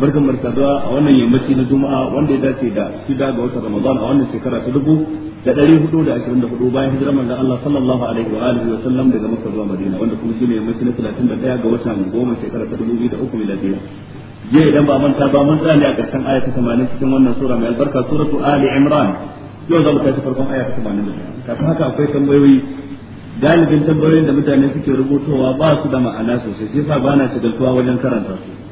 barkan mu saduwa a wannan yammaci na juma'a wanda ya dace da shida ga watan ramadan a wannan shekara ta dubu da ɗari hudu da ashirin da hudu bayan hijirar manzon Allah sallallahu alaihi wa alihi wa sallam daga Makka zuwa Madina wanda kuma shine yammaci na talatin da daya ga watan goma shekara ta dubu biyu da uku miladiya je idan ba manta ba mun tsani a ƙarshen aya ta 80 cikin wannan sura mai albarka suratu Ali Imran yau za mu kai farkon aya ta 80 kafin haka akwai tambayoyi galibin tambayoyin da mutane suke rubutowa ba su da ma'ana sosai sai sa bana shigaltuwa wajen karanta su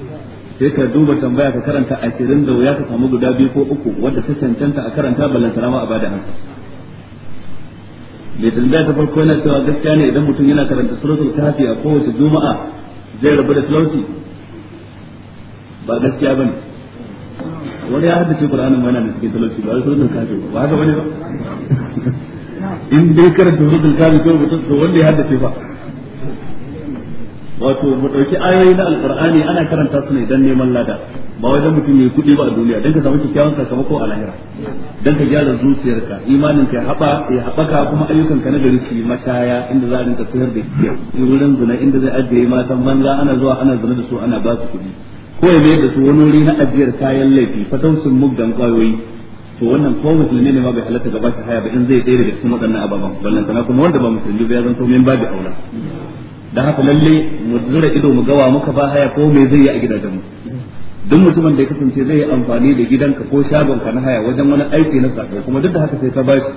sai ka duba tambaya ka karanta ashirin da wuya ka samu guda biyu ko uku wadda ta cancanta a karanta ballantana ma a bada hansa mai tambaya ta farko yana cewa gaskiya ne idan mutum yana karanta suratul kafi a kowace juma'a zai rabu da talauci ba gaskiya bane wani ya haddace qur'anin ma yana da cikin talauci ba suratul kafi ba haka bane ba in dai karanta suratul kafi ko mutum to wanda ya haddace ba wato mu dauki ayoyi na alqur'ani ana karanta su ne dan neman lada ba wajen mutum ne kudi ba a duniya dan ka samu kyakkyawan sakamako a lahira dan ka gyara zuciyarka imanin ka haba ya habaka kuma ayyukan ka na gari su mashaya inda za a rinka tsayar da wurin zina inda zai ajiye matan banza ana zuwa ana zina da su ana ba su kudi ko ya da su wani wuri na ajiyar kayan laifi fatausun mugdan kwayoyi to wannan ko musulmi ne ma bai halatta gaba shi haya ba in zai tsere da cikin waɗannan ababen wannan sana kuma wanda ba musulmi ba ya zanto min babu aula dan haka lalle mu zura ido mu gawa muka ba haya ko me zai yi a gidajen mu duk mutumin da ya kasance zai yi amfani da gidanka ko shagonka na haya wajen wani aiki na sako kuma duk da haka sai ka ba shi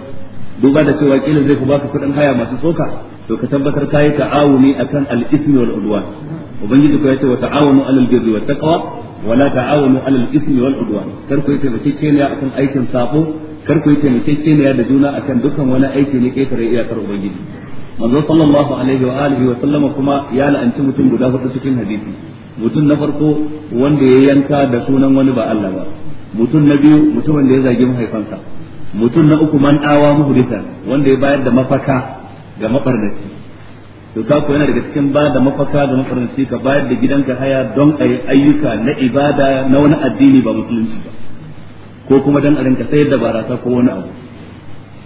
duba da cewa kila zai ku baka kuɗin haya masu tsoka to ka tabbatar ka yi ta'awuni akan al-ismi wal udwan ubangiji ko ya ce wa ta'awunu alal birri wa taqwa wa la ta'awunu alal ismi wal udwan kar ku yi taimakekeniya akan aikin sako kar ku yi taimakekeniya da juna akan dukkan wani aiki ne ketare iyakar ubangiji manzo sallallahu alaihi wa alihi wa sallama kuma ya la'anci mutum guda hudu cikin hadisi mutum na farko wanda ya yanka da sunan wani ba Allah ba mutum na biyu mutumin da ya zagi mahaifansa mutum na uku man awa muhdisa wanda ya bayar da mafaka ga mafarnaci to ka yana daga cikin ba da mafaka ga mafarnaci ka bayar da gidanka haya don ayi ayyuka na ibada na wani addini ba musulunci ba ko kuma dan a sayar da barasa ko wani abu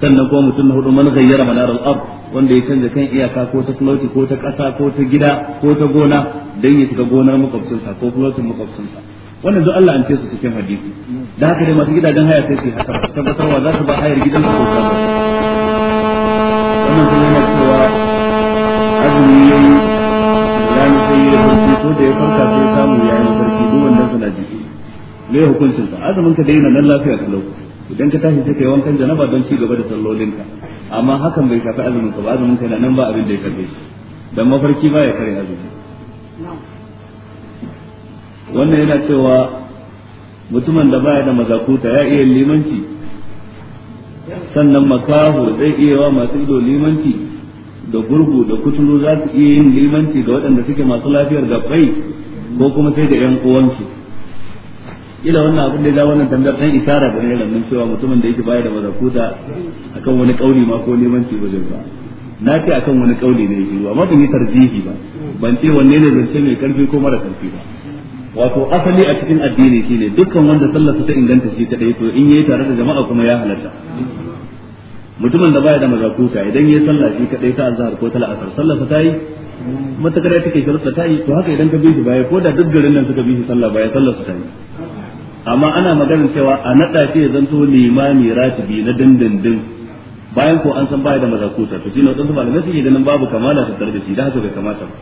sannan kuma mutum na hudu man zayyara manar ard wanda ya canza kan iyaka ko ta floti ko ta kasa ko ta gida ko ta gona don ya shiga gonar makwabcinsa ko flotin makwabcinsa wannan duk Allah an ce su cikin hadisi da haka dai masu gidajen haya sai su haka tabbatarwa za su ba hayar gidan su ko wannan kuma yana cewa azumi yayi rani sai ya rubuta ko da ya farka sai samu yayin sarki duk wannan suna jiki ne hukuncinsa azumin ka daina nan lafiya kalau idan ka tashi sai kai wankan janaba don ci gaba da sallolinka amma hakan bai shafi azumin ka ba azumin ka nan ba abin da ya karbe shi dan mafarki ba ya kare azumi wannan yana cewa mutumin da baya da mazakuta ya iya limanci sannan makaho zai iya wa masu ido limanci da gurgu da kuturu za su iya yin limanci ga waɗanda suke masu lafiyar gabai ko kuma sai da 'yan uwansu ila wannan abin da ya wannan tambayar dan isara da ne lamun cewa mutumin da yake bayar da mazakuta akan wani kauli ma ko neman ci wajen ba na ce akan wani kauli ne yake amma ban yi tarjihi ba ban ce wanne ne zance mai karfi ko mara karfi ba wato asali a cikin addini shine dukkan wanda sallarsa ta inganta shi kadai to in yayi tare da jama'a kuma ya halatta mutumin da baya da mazakuta idan yayi sallah shi kadai ta azhar ko ta la'asar sallarsa ta yi matakar take shirka ta yi to haka idan ka bi shi baya ko da duk garin nan suka bi shi sallah baya sallarsa ta yi amma ana maganar cewa a naɗa shi ya zanto limami ratibi na dindindin bayan ko an san baya da mazakuta to shine wadansu malamai suke ganin babu kamala ta tare shi da haka bai kamata ba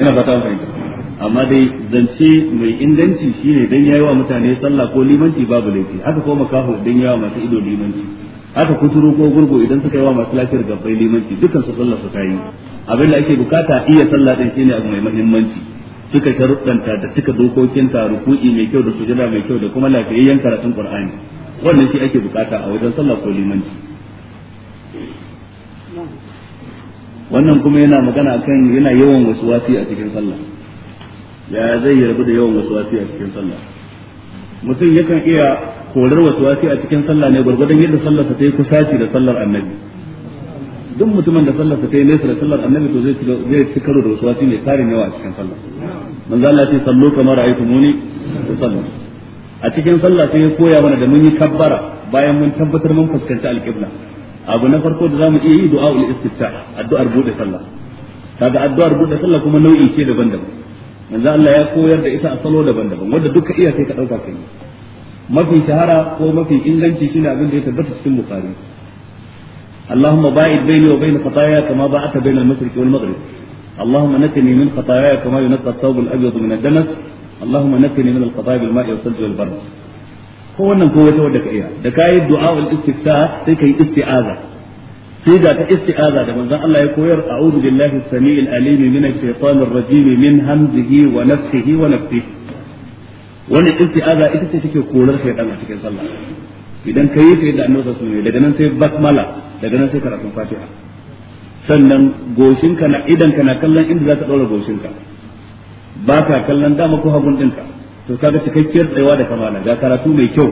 ina fata mun fahimta amma dai zance mai inganci shine dan yayi wa mutane sallah ko limanci babu laifi haka ko makaho dan yayi wa masu ido limanci haka kuturu ko gurgu idan suka yi wa masu lafiyar gabbai limanci dukkan su sallah su tayi abin da ake bukata iya sallah din shine abu mai muhimmanci suka sharuɗanta da suka dokokinta ruku'i mai kyau da sujada mai kyau da kuma lafiyayyen karatun qur'ani wannan shi ake bukata a wajen sallah ko limanci wannan kuma yana magana kan yana yawan wasuwasi a cikin sallah ya zai rabu da yawan wasuwasi a cikin sallah mutum yakan iya korar wasuwasi a cikin sallah ne gwargwadon yadda sallarsa ta yi kusaci da sallar annabi duk mutumin da sallar ta yi nesa da sallar annabi to zai ci karo da wasuwasi mai tarin yawa a cikin sallah manzo Allah ya sallo kamar ra'aytumuni sallu a cikin sallah sai ya koya mana da mun yi kabbara bayan mun tabbatar mun fuskanci alqibla abu na farko da mu iya yi du'a ul istiftah addu'ar buɗe sallah kaga addu'ar buɗe sallah kuma nau'i ce daban-daban manzo Allah ya koyar da ita a salo daban-daban wanda duka iya kai ka dauka kai mafi shahara ko mafi inganci shine abin da ya tabbata cikin bukhari اللهم باعد بيني وبين خطاياي كما باعدت بين المشرق والمغرب اللهم نقني من خطاياي كما ينقى الثوب الابيض من الدنس اللهم نقني من الخطايا بالماء والثلج والبرد ko wannan ko wata wadda ka iya da kayi du'a ul istifta sai kai isti'aza sai da ta isti'aza da manzon Allah ya koyar a'udhu billahi samiil alim minash shaitanir rajim isti'aza ita ce take korar shaytan a cikin sallah idan kayi sai da annabi sallallahu alaihi daga nan sai basmala daga nan sai karatun fatiha sannan goshinka na idanka na kallon inda za ka ɗora goshinka ba ka kallon dama ko hagun ɗinka to kaga cikakkiyar tsayawa da kamala ga karatu mai kyau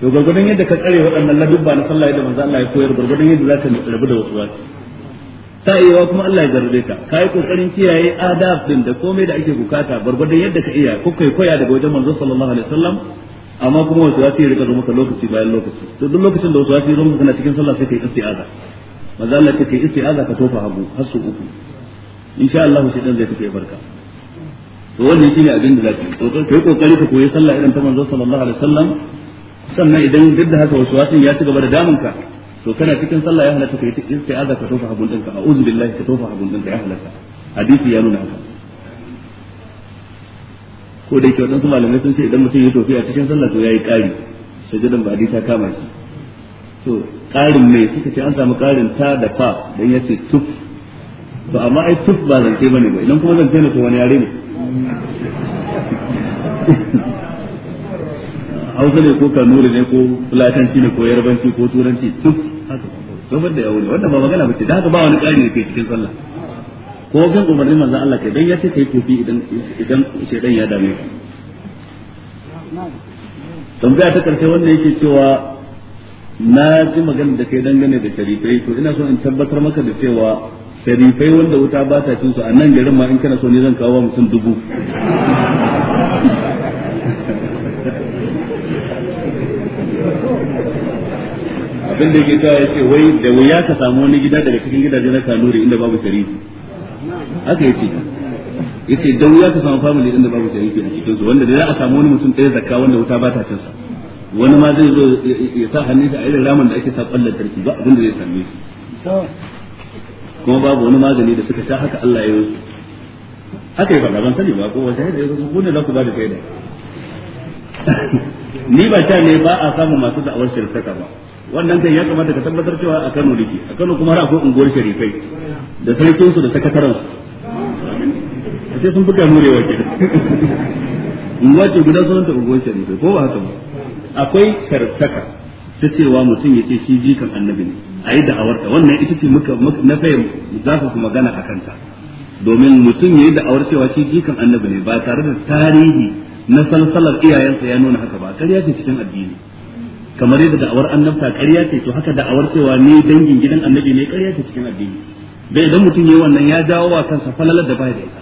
to gwargwadon yadda ka tsare waɗannan ladubba na sallah da manzo Allah ya koyar gwargwadon yadda za ka rabu da wasu wasu ta iya kuma Allah ya garbe ka kai kokarin kiyaye adab din da komai da ake bukata gwargwadon yadda ka iya ko kai koya daga wajen manzo sallallahu alaihi wasallam amma kuma wasu wasu ya rika zo maka lokaci bayan lokaci to duk lokacin da wasu wasu ya zo maka cikin sallah sai kai istiaza manzo Allah ce kai isti'aza ka tofa hagu har su uku insha Allah sai dan zai tafi barka to wannan shine abin da zaka to kai kokari ka koyi sallah irin ta manzo sallallahu alaihi wasallam sannan idan duk da haka wasu wasin ya ci gaba da damun ka to kana cikin sallah ya halatta kai isti'aza ka tofa hagu dinka a'udhu billahi ka tofa hagun dinka ya halatta hadisi ya nuna haka ko dai kyautan su malamai sun ce idan mutum ya tofi a cikin sallah to ya yi ƙari. sai sujudan ba hadisi ta kama shi to ƙarin mai suka ce an samu ƙarin ta da fa dan ya ce tuf to amma ai tuf ba zance bane ba idan kuma zance ne to wani yare ne hausa ne ko kanuri ne ko fulatanci ne ko yarbanci ko turanci tuf haka gabar da yawo ne ba magana ba ce da haka ba wani ƙari ne ke cikin sallah ko bin umarnin manzon Allah kai dan ya ce kai kofi idan idan dan ya dame ka tambaya ta karshe wanda yake cewa na ji magana da kai dangane da sharifai to ina so in tabbatar maka da cewa sharifai wanda wuta ba ta cin su a nan garin ma in kana so ne zan kawo mutum dubu abin da ke kawo ya ce wai da wuya ka samu wani gida daga cikin gidaje na kanuri inda babu sharifi haka ya ce yace da wuya ka samu famili inda babu sharifi a cikin su wanda da za a samu wani mutum ɗaya zakka wanda wuta ba ta cin sa wani ma zai zo ya sa hannun shi a irin ramin da ake sa lantarki ba abin da zai same shi kuma babu wani magani da suka sha haka Allah ya yi haka yi faɗa ban sani ba ko wata yadda ya ku ne za ku ba da shaida ni ba sha ne ba a samun masu da'awar shirkaka ba wannan kai ya kamata ka tabbatar cewa a Kano nake a Kano kuma akwai unguwar sharifai da sarkin su da sakataren su sai sun fi kamurewa kenan unguwa ce guda sunanta unguwar sharifai ko ba haka ba akwai sarkaka ta cewa mutum ya ce shi jikan annabi ne a yi da'awarta wannan ita ce muka na za zafafa magana a kanta domin mutum ya yi da'awar cewa shi jikan annabi ne ba tare da tarihi na salsalar iyayensa ya nuna haka ba ƙarya ce cikin addini kamar yadda da'awar annabta ƙarya ce to haka da'awar cewa ne dangin gidan annabi ne ƙarya ce cikin addini da idan mutum ya yi wannan ya dawo wa kansa falalar da ba da ita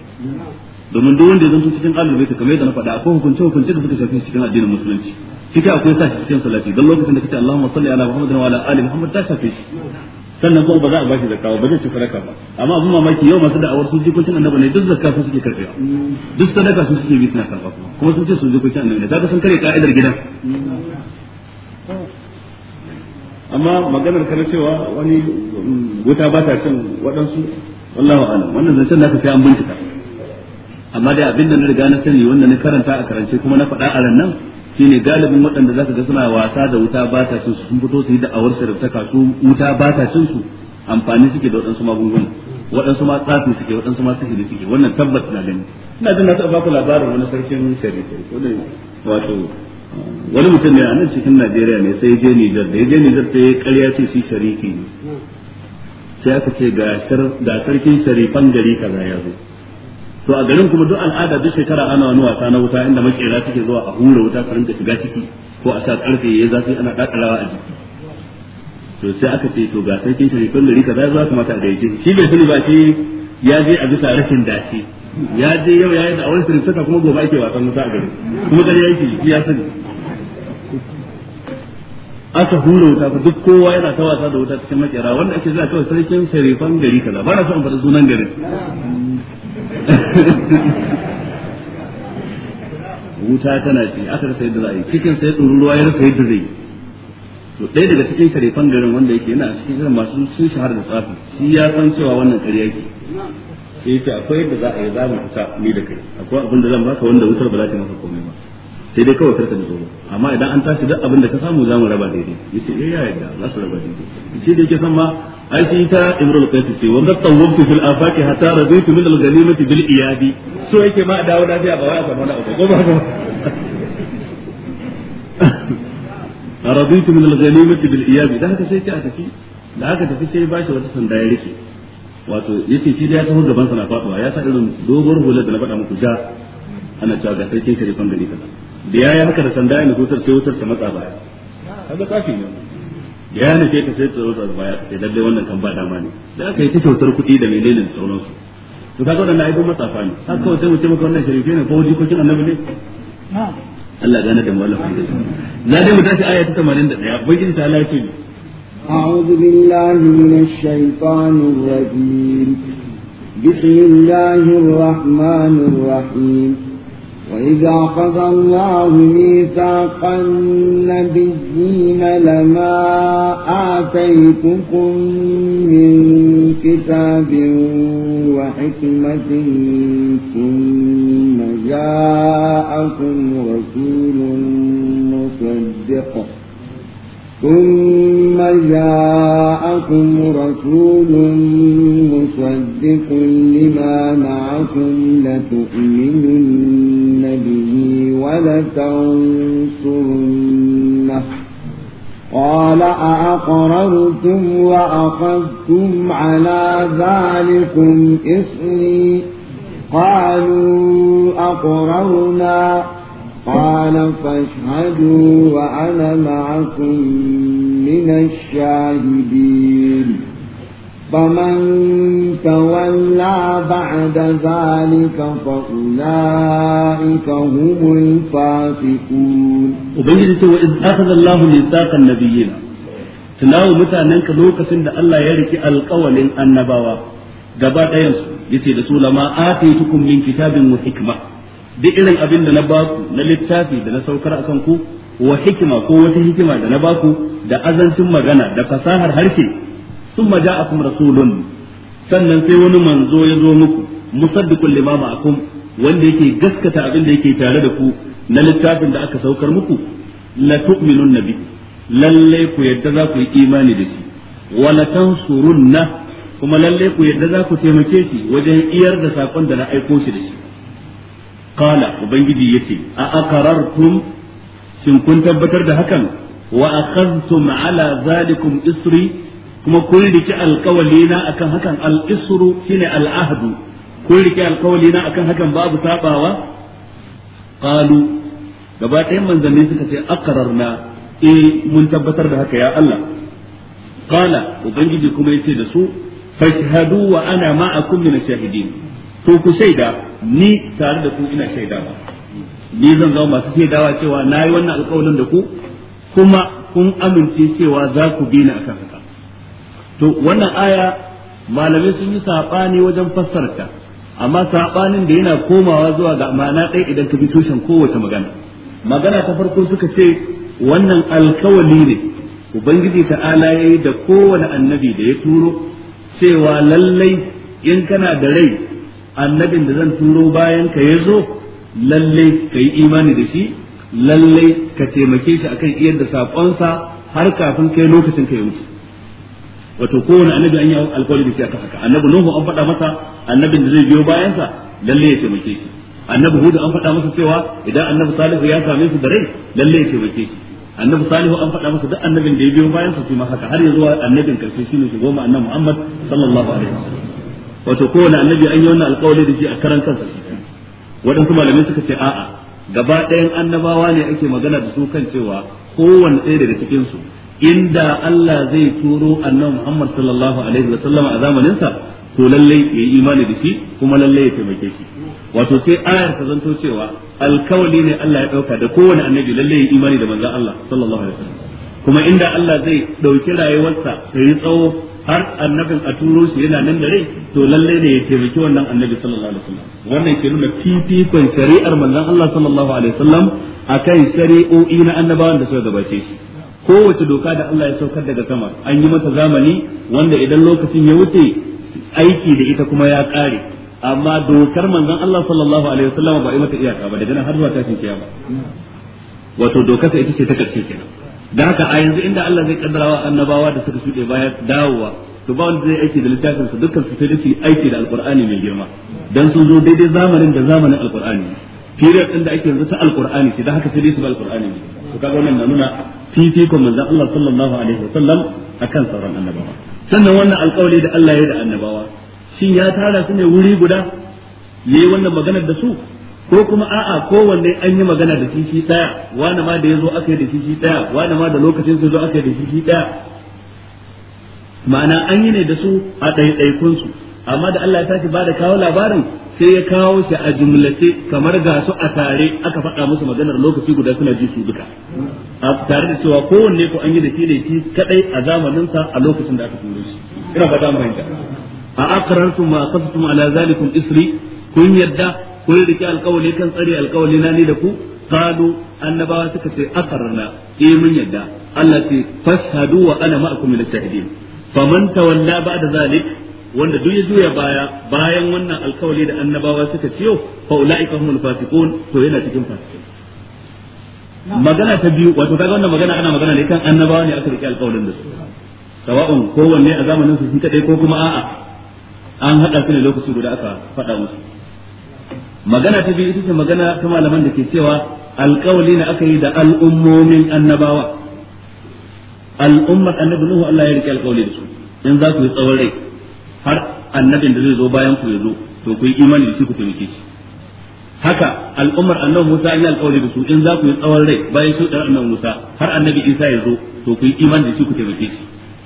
domin duk wanda ya zanto cikin ahlul ta kamar yadda na faɗa akwai hukunce hukunce da suka shafi cikin addinin musulunci cikin akwai sa cikin salati don lokacin da kace Allahumma salli ala Muhammad wa ala ali Muhammad ta shafe shi sannan kuma ba za a bashi zakka ba zai ci faraka ba amma abin mamaki yau masu da'awar sun jikokin annabi ne duk zakka su suke karɓewa duk sadaka su suke bi suna karɓa kuma kuma sun ce ji jikokin annabi ne kaga sun kare ka'idar gidan amma maganar kana cewa wani wuta ba ta cin waɗansu wallahu alam wannan zancen da ka sai an bincika amma dai abin da na riga na sani wanda na karanta a karance kuma na faɗa a nan shine galibin waɗanda za su ga suna wasa da wuta ba ta cin su sun fito su yi da awar ta kasu wuta ba ta cin su amfani suke da waɗansu magunguna waɗansu ma tsafi suke waɗansu ma sihiri suke wannan tabbas na gani ina jin na taɓa baku labarin wani sarkin shari'a wato wani mutum ne a nan cikin Najeriya ne sai je Nijar da ya je Nijar sai ƙarya ce shi shariki ne sai aka ce ga sarkin sharifan gari kaza ya zo to a garin kuma duk al'ada duk shekara ana wani wasa na wuta inda makera suke zuwa a hura wuta su rinka shiga ciki ko a sa karfe yayi zafi ana dakalawa a jiki to sai aka ce to ga sarkin sharifin gari kaza za su mata a yake shi bai sani ba shi ya je a bisa rashin dace ya je yau ya yi da awon sirri saka kuma gobe ake wasan wuta a gari kuma dare yake shi ya sani aka hura wuta ko duk kowa yana ta wasa da wuta cikin makera wanda ake zuwa kawai sarkin sharifan gari kaza ba na so in faɗi sunan garin wuta tana ci aka rasa yadda za a yi cikin sai ruwa ya rasa yadda zai to ɗaya daga cikin sharifan garin wanda yake yana cikin irin masu sun shahar da tsafi shi ya san cewa wannan ƙarya ke sai ya ce akwai yadda za a yi za mu fita ni da kai akwai abin da zan baka wanda wutar ba za ta maka komai ba sai dai kawai karka da tsoro amma idan an tashi duk abin da ka samu za mu raba daidai ya eh ya yadda za su raba daidai shi da yake san ma ai sai ta imrul qais ce wa qad tawwabtu fil afaqi hatta raditu min al ghanimati bil iyadi so yake ma dawo lafiya ba wai a samu wani abu ko ba raditu min al ghanimati bil iyadi da haka sai ta tafi da haka tafi sai shi wata sanda ya rike wato yake shi da ya taho gaban sa na faduwa ya sa irin dogon hular da na faɗa muku ja ana cewa ga sarkin sharifan gari kaza da yayi haka da sanda ya nufutar sai wutar ta matsa baya kaga kafi ne ya nufe ta sai tsoro da baya sai lalle wannan kan ba dama ne da aka yi ta kyautar kuɗi da menene da sauransu to kaga wannan ai goma safa ne haka kawai sai mu ce maka wannan sharifi ne ko jikokin annabi ne Allah gane da mu Allah fahimta na dai mu tashi aya ta 81 bayin ta Allah ce أعوذ بالله من الشيطان الرجيم بسم الله الرحمن الرحيم وإذا أخذ الله ميثاق النبيين لما آتيتكم من كتاب وحكمة ثم جاءكم رسول مصدق ثم جاءكم رسول مصدق لما معكم لتؤمنن به ولتنصرنه قال أأقررتم وأخذتم على ذلكم إصري قالوا أقررنا قال فاشهدوا وأنا معكم من الشاهدين فمن تولى بعد ذلك فأولئك هم الفاسقون وبين وإذ أخذ الله ميثاق النبيين tunawo mutanenka lokacin da Allah ya riki alƙawalin annabawa gaba ɗayansu yace da sulama, lama atitukum min hikma duk irin abin da na baku na littafi da na saukar a kan ku wa hikima ko wata hikima da na baku da azancin magana da fasahar harshe thumma ja'akum rasulun sannan sai wani manzo ya zo muku musaddiqul lima ma'akum wanda yake gaskata abin da yake tare da ku na littafin da aka saukar muku la tu'minun nabi lalle ku yadda za ku yi imani da shi wa la tansurunna kuma lalle ku yadda za ku taimake shi wajen iyar da sakon da na aiko shi da shi qala ubangiji yace a aqarartum shin kun tabbatar da hakan wa akhadhtum ala zalikum isri kuma kun riki alkawali na akan hakan al-isru shine al'adu kun riki alkawali na akan hakan babu sabawa qalu gaba ɗayan manzanni suka ce aqrarna eh mun tabbatar da haka ya Allah qala ubangiji kuma yace da su fashhadu wa ana ma'akum min shahidin to ku shaida ni tare da ku ina shaidawa ni zan zama masu shaidawa cewa nayi wannan alkawalin da ku kuma kun amince cewa za ku bi ni akan haka to wannan aya malamai sun yi saɓani wajen fassarta amma saɓanin da yana komawa zuwa ga ma'ana ɗaya idan ka bi tushen kowace magana magana ta farko suka ce wannan alkawali ne ubangiji ta'ala ya da kowane annabi da ya turo cewa lallai in kana da rai annabin da zan turo bayan ka ya zo lallai ka yi imani da shi lallai ka taimake shi akan iyar da saƙonsa har kafin kai lokacin ka ya wuce wato kowane annabi an yi alkawari da shi aka haka annabi nuhu an faɗa masa annabin da zai biyo bayan sa lalle ya taimake shi annabi hudu an faɗa masa cewa idan annabi salihu ya same su da rai lalle ya taimake shi annabi salihu an faɗa masa duk annabin da ya biyo sa shi ma haka har yanzu annabin karshe shine shi goma annabi muhammad sallallahu alaihi wasallam wato kowane annabi an yi wannan alkawari da shi a karan kansa shi waɗansu malamai suka ce a'a gaba ɗayan annabawa ne ake magana da su kan cewa kowanne ɗaya daga cikinsu inda Allah zai turo annabi Muhammad sallallahu alaihi wa sallam a zamanin sa to lalle ya yi imani da shi kuma lalle ya taimake shi wato sai ayar ta zanto cewa alkawali ne Allah ya dauka da kowane annabi lalle ya yi imani da manzon Allah sallallahu alaihi wa sallam. kuma inda Allah zai dauki rayuwarsa ta yi tsawo har annabin a turo shi yana nan da rai to lalle ne ya taimaki wannan annabi sallallahu alaihi wa sallam. wannan ke nuna fifikon shari'ar manzon Allah sallallahu alaihi wa sallam akan shari'o'i na annabawan da suka gabace shi kowace doka da Allah ya saukar daga sama an yi mata zamani wanda idan lokacin ya wuce aiki da ita kuma ya kare amma dokar manzon Allah sallallahu alaihi wasallam ba mata iyaka ba daga nan har zuwa tashin kiyama wato dokar ita ce ta karshe kenan da haka a yanzu inda Allah zai kaddarawa annabawa da suka shuɗe baya dawowa to ba wanda zai aiki da littafin su dukkan su sai su aiki da alqur'ani mai girma dan sun zo daidai zamanin da zamanin alqur'ani period din da ake yanzu ta alqur'ani ce da haka sai su ba alqur'ani to kaga wannan na nuna fifikon manzon Allah sallallahu alaihi wasallam akan sauran annabawa sannan wannan alƙawari da Allah ya da annabawa shin ya tara su ne wuri guda yi wannan maganar da su ko kuma a'a kowanne an yi magana da shi shi daya wani ma da zo aka yi da shi shi daya wani ma da lokacin su zo aka yi da shi shi daya ma'ana an yi ne da su a ɗaiɗaikun su amma da Allah ya tashi ba da kawo labarin sai ya kawo shi a jumlace kamar ga su a tare aka faɗa musu maganar lokaci guda suna ji su duka a tare da cewa kowanne ku an yi da shi ne shi kadai a zamaninsa a lokacin da aka tura shi ina a su ma aqaftum ala zalikum isri kun yadda yi rike alkawali kan tsare alkawali na ni da ku qalu annabawa suka ce na eh mun yadda Allah ce fashhadu wa ana ma'akum min ash-shahidin faman tawalla ba'da zalik wanda duk ya juya baya bayan wannan alkawali da annabawa suka ciyo fa ulaika humul fasiqun to yana cikin fasikin magana ta biyu wato kaga wannan magana ana magana ne kan annabawa ne aka rike alkawalin da su sawa'un ko wanne a zamanin su sun kadai ko kuma a'a an hada su ne lokaci guda aka faɗa musu magana ta biyu ita ce magana ta malaman da ke cewa alkawali ne aka yi da al'ummomin annabawa al'ummar annabi nuhu Allah ya rike alkawali da su in za ku yi tsawon rai har annabin da zai zo bayan ku ya zo to ku yi imani da shi ku taimake shi haka al'ummar annabi Musa yi alƙawari da su in za ku yi tsawon rai bayan su dan annabi Musa har annabi Isa ya zo to ku yi imani da shi ku taimake shi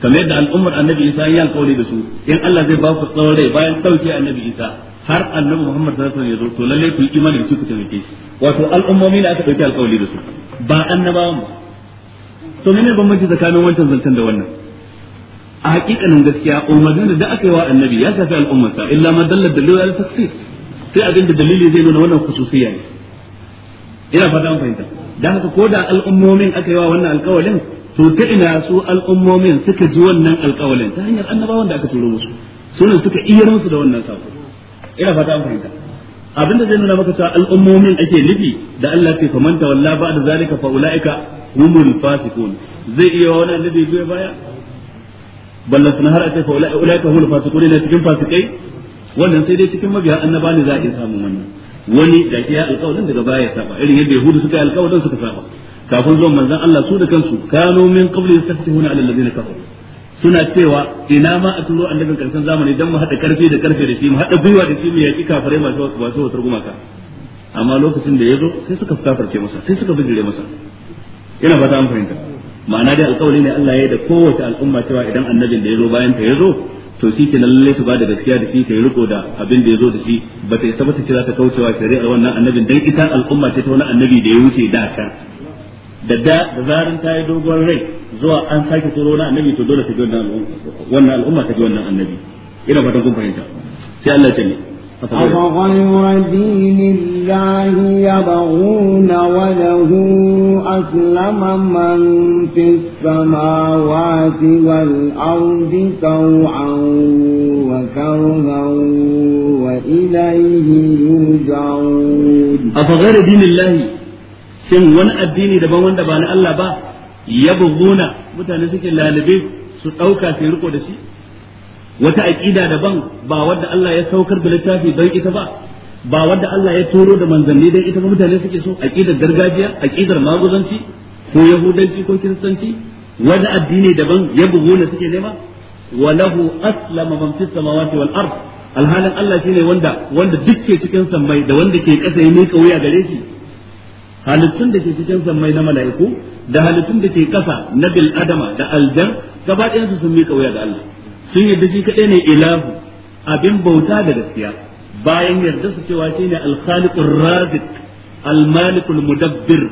kamar yadda al'ummar annabi Isa yi alƙawari da su in Allah zai ba ku tsawon rai bayan sauke annabi Isa har annabi Muhammad sallallahu alaihi wasallam ya zo to lalle ku yi imani da shi ku taimake shi wato al'ummomi na aka dauki alƙawari da su ba annabawan ba to menene bambanci tsakanin wancan zantan da wannan a hakikanin gaskiya umarnin da aka yi wa annabi ya shafi al'ummarsa illa ma dallar dalilu ya taksis sai abin da dalili zai nuna wannan khususiyya ne ina fata an fahimta dan haka ko da al'ummomin aka yi wa wannan alƙawalin to ta ina su al'ummomin suka ji wannan alƙawalin ta hanyar annabawan da aka turo musu sunan suka iya musu da wannan sako ina fata an fahimta abin da zai nuna maka cewa al'ummomin ake nufi da Allah ke famanta walla ba da zalika fa ulaika humul fasiqun zai iya wani annabi baya ballan sun har a ce fa ulaika hum fasiqun ne cikin fasikai wannan sai dai cikin mabiya annaba ne za a iya samun wannan wani da ke ya alƙawarin daga baya ya saba irin yadda yahudu suka yi alƙawarin suka saba kafin zuwan manzan Allah su da kansu kano min qabli yastaftihuna ala alladhina kafaru suna cewa ina ma a turo annabin karshen zamani dan mu haɗa karfi da karfe da shi mu haɗa gwiwa da shi mu yaki kafirai masu masu wasar gumaka amma lokacin da ya zo sai suka kafarce masa sai suka bijire masa ina ba ta an fahimta ma'ana dai alƙawari ne Allah ya yi da kowace al'umma cewa idan annabin da ya zo bayan ta ya zo to shi ke lallai su ba da gaskiya da shi ta yi riko da abin da ya zo da shi ba ta isa ba ta kira ta kaucewa shari'ar wannan annabin dan ita al'umma ce ta wani annabi da ya wuce da can da da da zarin ta yi dogon rai zuwa an sake turo na annabi to dole ta ji wannan al'umma ta ji wannan annabi ina fatan kun fahimta sai Allah ya أفغير دين الله يبغون وله أسلم من في السماوات والأرض طوعا وكرها وإليه يرجعون أفغير دين الله shin wani addini daban wanda ba na Allah ba ya buguna mutane suke lalube su ɗauka su riko da shi wata aqida daban ba wanda Allah ya saukar da littafi don ita ba ba wanda Allah ya turo da manzanni don ita ba mutane suke so aqidar gargajiya aqidar maguzanci ko yahudanci ko kiristanci wani addini daban ya da suke nema wa lahu aslama man fis samawati wal ard alhalin Allah shine wanda wanda dukke cikin sammai da wanda ke kasa ya miƙa wuya gare shi halittun da ke cikin sammai na mala'iku da halittun da ke kasa na bil adama da aljan gaba ɗayan su sun miƙa wuya ga Allah sun yarda shi kadai ne ilahu abin bauta da gaskiya bayan yarda su cewa shine al-khaliqur razik Almalikul malikul mudabbir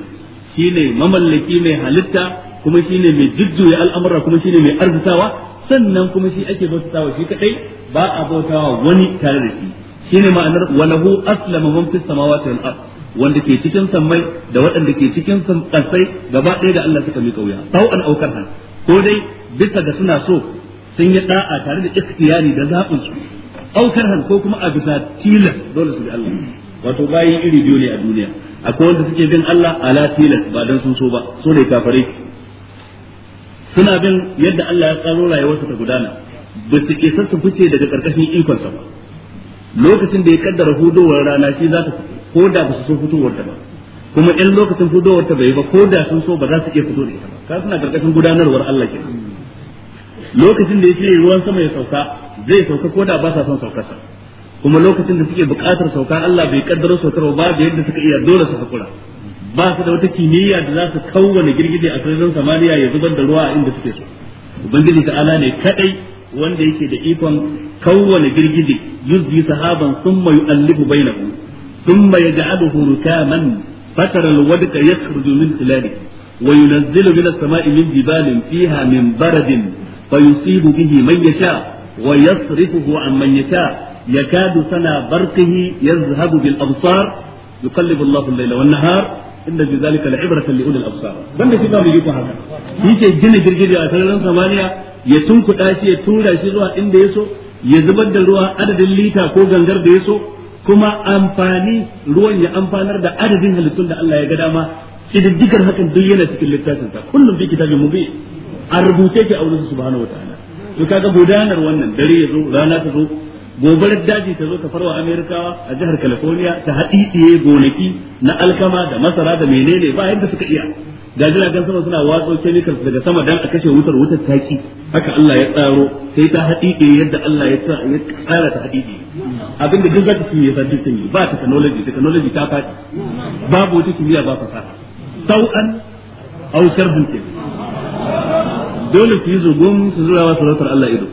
shine mamallaki mai halitta kuma shine mai jujjuya al'amura kuma shine mai arzikawa sannan kuma shi ake bautawa shi kadai ba a bautawa wani tare da shi shine ma'anar walahu aslama man fis samawati wal ard wanda ke cikin sammai da waɗanda ke cikin kasai gaba ɗaya da Allah suka mika wuya an aukar han ko dai bisa da suna so sun yi da'a tare da ikhtiyari da zaɓin su aukar han ko kuma a bisa tilas dole su bi Allah wato bayan iri biyu ne a duniya akwai wanda suke bin Allah ala tilas ba dan sun so ba so ne kafare suna bin yadda Allah ya tsaro rayuwarsa ta gudana ba su ke sassa fice daga karkashin ikonsa ba lokacin da ya kaddara hudowar rana shi za ta ko da ba su so fitowar ta ba kuma in lokacin hudowar ta bai ba ko da sun so ba za su iya fito da ita ba ka suna karkashin gudanarwar Allah kenan lokacin da ya ce ruwan sama ya sauka zai sauka ko da ba sa son saukarsa kuma lokacin da suke buƙatar sauka Allah bai kaddara saukar ba da yadda suka iya dole su hakura ba su da wata kimiyya da za su kawwane girgije a sararin samaniya ya zubar da ruwa a inda suke so ubangiji ta'ala ne kadai wanda yake da ikon kawwane girgije yuzdi sahaban thumma yu'allifu bainahum thumma yaj'aluhu rukaman fatara alwadqa yakhruju min khilalihi وينزل من السماء من جبال فيها من برد فيصيب به من يشاء ويصرفه عن من يشاء يكاد سنا برقه يذهب بالأبصار يقلب الله الليل والنهار إن في ذلك لعبرة لأولي الأبصار بند في باب يجيكم هذا يجي جن جرجر يا سنة ثمانية يتنك تاشي يتولى شيء إن يسو يزبد الروا عدد الليتا كو غنغر يسو kuma amfani ruwan ya amfanar da adadin halittun da Allah ya ga dama kididdigar hakan duk yana cikin littafin sa kullum bi kitabin mubin a rubuce ke a wurin subhanahu wataala to kaga gudanar wannan dare ya zo rana ta zo gobarar daji ta zo ta farwa amerikawa a jihar california ta haɗiɗiye gonaki na alkama da masara da menene ba yadda suka iya ga gan sama suna watso chemicals daga sama dan a kashe wutar wutar taki haka Allah ya tsaro sai ta haɗiɗe yadda Allah ya tsara ta haɗiɗe abinda duk za ta kimiyya ta duk yi ba technology technology ta faɗi babu wata kimiyya ba fasaha sau'an au sharhun dole su yi zugun su wa sarautar Allah ido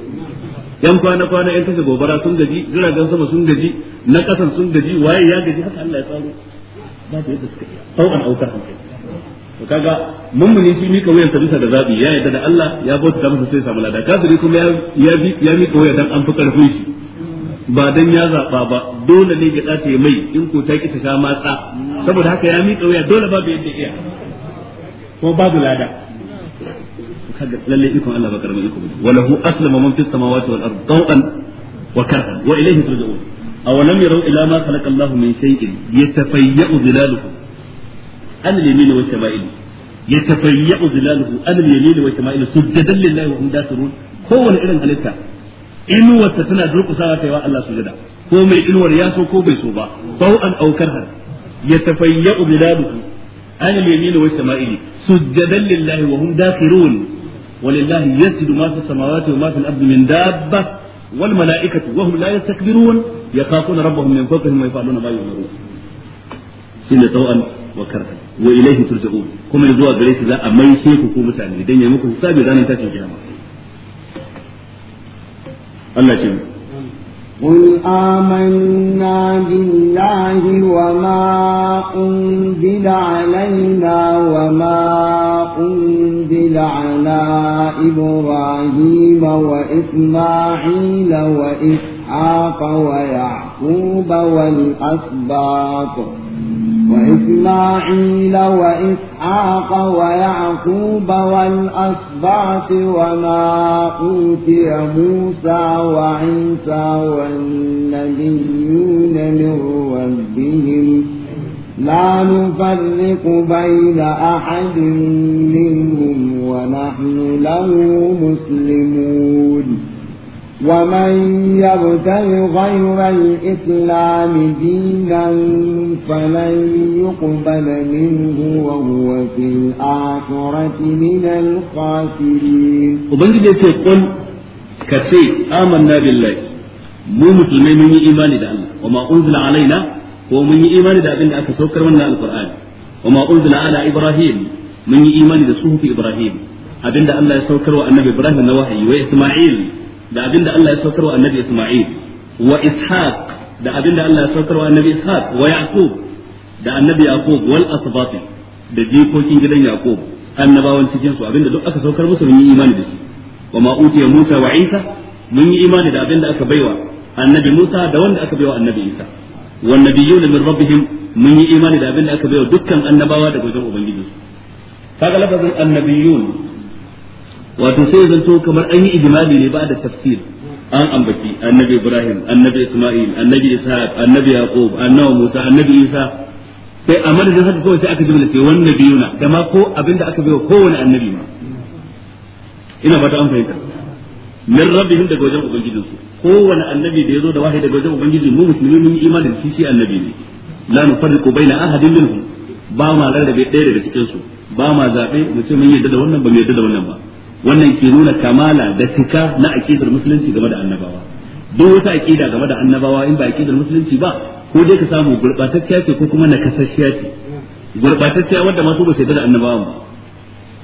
yan kwana kwana yan kashe gobara sun gaji jiragen sama sun gaji na kasan sun gaji waye ya gaji haka Allah ya tsaro ba da yadda suka iya saukan aukar hankali to kaga mummuni shi mika wayan sa bisa da zabi ya yadda da Allah ya bauta masa sai samu lada kafiri kuma ya ya mika wayan dan an fi karfin shi ba dan ya zaba ba dole ne ga dace mai in ko ta ki ta matsa saboda haka ya mika waya dole bai yadda iya ko babu lada kaga lalle ikon Allah ba karamin iko bane walahu aslama man fis samawati wal ardi taw'an wa karhan wa ilayhi turja'un awalam yaraw ila ma khalaqa Allah min shay'in yatafayyu zilaluhu an al-yamin wa shama'il yatafayyu zilaluhu an al-yamin wa shama'il sujadan lillahi wa hum dasirun kowane irin halitta inuwarsa tana durkusawa ta yi wa Allah sujada ko mai inuwar ya so ko bai so ba taw'an aw karhan yatafayyu zilaluhu an al-yamin wa shama'il sujadan lillahi wa hum dasirun walillahi yasjudu ma fi samawati wa ma dabba wal mala'ikatu wa hum la yastakbirun yakhafuna rabbahum min fawqihim wa yaf'aluna ma yu'marun zuwa gare za a maishe ku ku mutane dan muku hisabi Allah قل آمنا بالله وما أنزل علينا وما أنزل على إبراهيم وإسماعيل وإسحاق ويعقوب والأسباط وإسماعيل وإسحاق ويعقوب والأسباط وما أوتي موسى وعيسى والنبيون من ربهم لا نفرق بين أحد منهم ونحن له مسلمون ومن يبتغ غير الإسلام دينا فلن يقبل منه وهو في الآخرة من الخاسرين وبنك جيسي قل كسي آمنا بالله مو مسلمين من إيمان دا وما أنزل علينا هو من إيمان دا بنا أتسوكر من القرآن وما أنزل على إبراهيم من إيمان دا صوف إبراهيم أبن أن لا يسكر وأن إبراهيم نواحي وإسماعيل da abin da Allah ya saukar wa annabi Isma'il wa Ishaq da abin da Allah ya saukar wa annabi Ishaq wa Yaqub da annabi Yaqub wal asbat da jikokin gidan Yaqub annabawan cikin su abin da duk aka saukar musu mun yi imani da su. wa ma utiya Musa wa Isa mun yi imani da abin da aka baiwa annabi Musa da wanda aka baiwa annabi Isa wan nabiyuna min rabbihim mun yi imani da abin da aka baiwa dukkan annabawa daga wajen ubangiji kaga lafazin annabiyun wato sai zanto kamar an yi ijmali ne ba da tafsir an ambaci annabi ibrahim annabi isma'il annabi isa annabi yaqub annabi musa annabi isa sai a madadin haka kawai sai aka jimla ce wannan biyuna da ma ko abinda aka bai kowane annabi ma ina fata an fahimta min rabbihim daga wajen ubangijin su kowane annabi da yazo da wahayi daga wajen ubangiji mu musulmi mun yi imanin shi shi annabi ne la nufarriqu baina ahadin minhum ba ma rarrabe ɗaya daga cikin su ba ma zabe mu ce mun yadda da wannan ba mu yadda da wannan ba wannan ke nuna kamala da cika na aqidar musulunci game da annabawa duk wata aqida game da annabawa in ba aqidar musulunci ba ko dai ka samu gurbatacciya ce ko kuma nakasasshiya ce gurbatacciya wanda masu ba da annabawa ba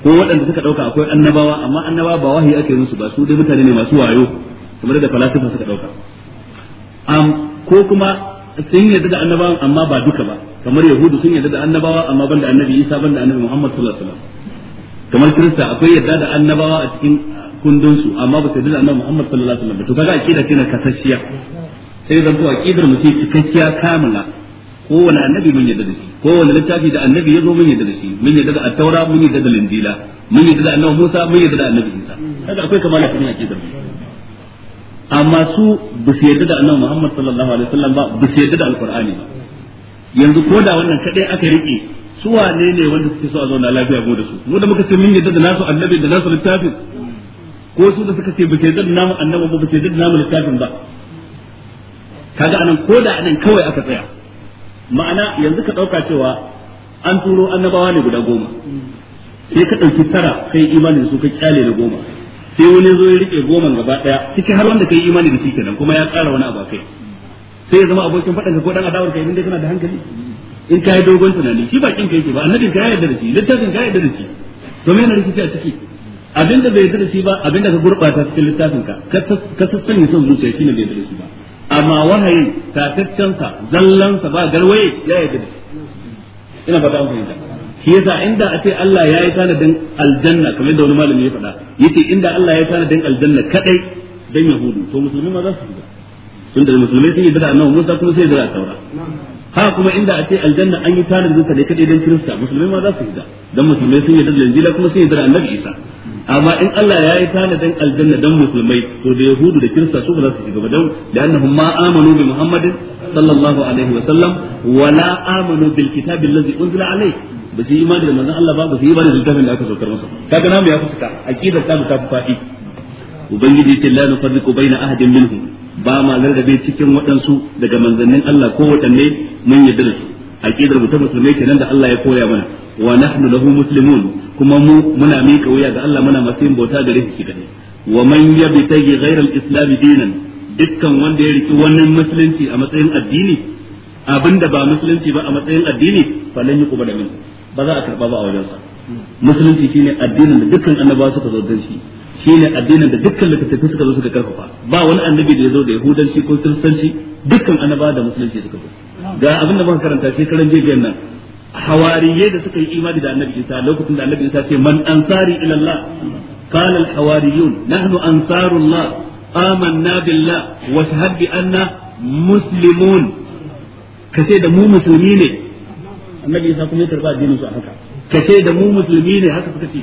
ko waɗanda suka ɗauka akwai annabawa amma annabawa ba wahayi ake musu ba su dai mutane ne masu wayo kamar da falasifa suka ɗauka ko kuma sun yarda da annabawa amma ba duka ba kamar yahudu sun yarda da annabawa amma banda annabi isa banda annabi muhammad sallallahu alaihi wasallam kamar kirista akwai yadda da annabawa a cikin kundin su amma ba su yadda da annabi Muhammad sallallahu alaihi wasallam to kaga akida ce na kasashiya sai zan ko akidar mu ce cikakkiya kamala kowane annabi mun yadda da shi kowane littafi da annabi ya zo mun yadda da shi mun yadda da at-taura mun yadda da linjila mun yadda da annabi Musa mun yadda da annabi Isa kaga akwai kamala cikin akidar mu amma su ba su yadda da annabi Muhammad sallallahu alaihi wasallam ba ba su yadda da alqur'ani ba yanzu ko da wannan kadai aka rike su wane ne wanda suke so a zauna lafiya go da su mu da muka ce mun yadda da nasu annabi da nasu littafin ko su da suka ce ba yadda da namu annabi ba ba yadda da namu littafin ba kaga anan ko da anan kawai aka tsaya ma'ana yanzu ka dauka cewa an turo annabawa ne guda goma sai ka dauki tara kai imanin su ka kyale da goma sai wani zo ya rike goma gaba daya cikin har wanda kai imani da shi kenan kuma ya tsara wani abu kai sai ya zama abokin faɗan ka ko dan adawar kai inda kana da hankali in ka yi dogon tunani shi bakin ka yake ba annabin ka yarda da shi littafin ka yarda da shi to me yana rikici a ciki abinda bai yarda da shi ba abinda ka gurbata cikin littafin ka ka sassanya son zuciya ne bai yarda da shi ba amma wahayi zallan zallansa ba garwaye ya yarda da shi ina fata an fahimta shi yasa inda a ce Allah ya yi tanadin aljanna kamar yadda wani malami ya faɗa yace inda Allah ya yi tanadin aljanna kadai dan yahudu to musulmi ma za su shiga tunda musulmai sun yarda da annabi Musa kuma sai yarda da Taurat ha kuma inda a ce aljanna an yi tanadin ta ne kadai dan kirista musulmai ma za su yi da dan musulmai sun yi da injila kuma sun yi da annabi isa amma in Allah ya yi tanadin aljanna dan musulmai to da yahudu da kirista su ba su shiga ba dan annahum ma amanu bi muhammadin sallallahu alaihi wa sallam wala amanu bil kitabi allazi unzila alaihi ba su yi imani da manzon Allah ba ba su yi ba da littafin da aka saukar masa kaga namu ya fuska aqidar ta ta fadi ubangiji ce la nufarriqu baina ahadin minhum ba ma zargabe cikin waɗansu daga manzannin Allah ko waɗanne mun yarda da su aqidar mu ta musulmai kenan da Allah ya koya mana wa nahnu lahu muslimun kuma mu muna miƙa wuya ga Allah muna masu yin bauta gare shi kadai wa man yabtaghi ghayra al-islam dinan dukkan wanda ya riki wannan musulunci a matsayin addini abinda ba musulunci ba a matsayin addini fa lan yuqbal min ba za a karba ba a wajensa musulunci shine addinin da dukkan annabawa suka zo don shi shine addinin da dukkan littattafai suka zo suka karfafa ba wani annabi da ya zo da yahudanci ko kiristanci dukkan annaba da musulunci suka zo ga abin da muka karanta shekaran jiya nan hawariyai da suka yi imani da annabi isa lokacin da annabi isa ce man ansari ila allah qala al hawariyun nahnu ansarullah amanna billah wa shahad bi anna muslimun kace da mu musulmi ne annabi isa kuma ya karba addinin su haka kace da mu musulmi ne haka suka ce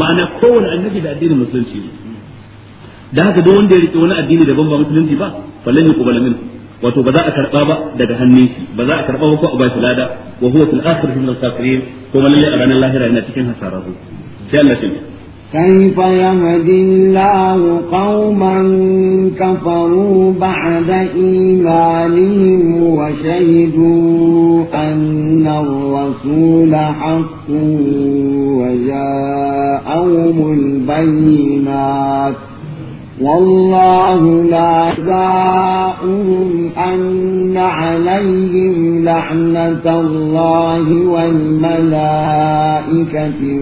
ma'ana kowane annabi da addinin musulunci ne da haka duk wanda ya rike wani addini daban ba musulunci ba fallan ya kubala min wato ba za a karba ba daga hannun shi ba za a karba ba ko a ba lada wa huwa fil akhirati min al-kafirin kuma lalle a ranar lahira yana cikin hasararru sai Allah كيف يهدي الله قوما كفروا بعد إيمانهم وشهدوا أن الرسول حق وجاءهم البينات والله لا أن عليهم لعنة الله والملائكة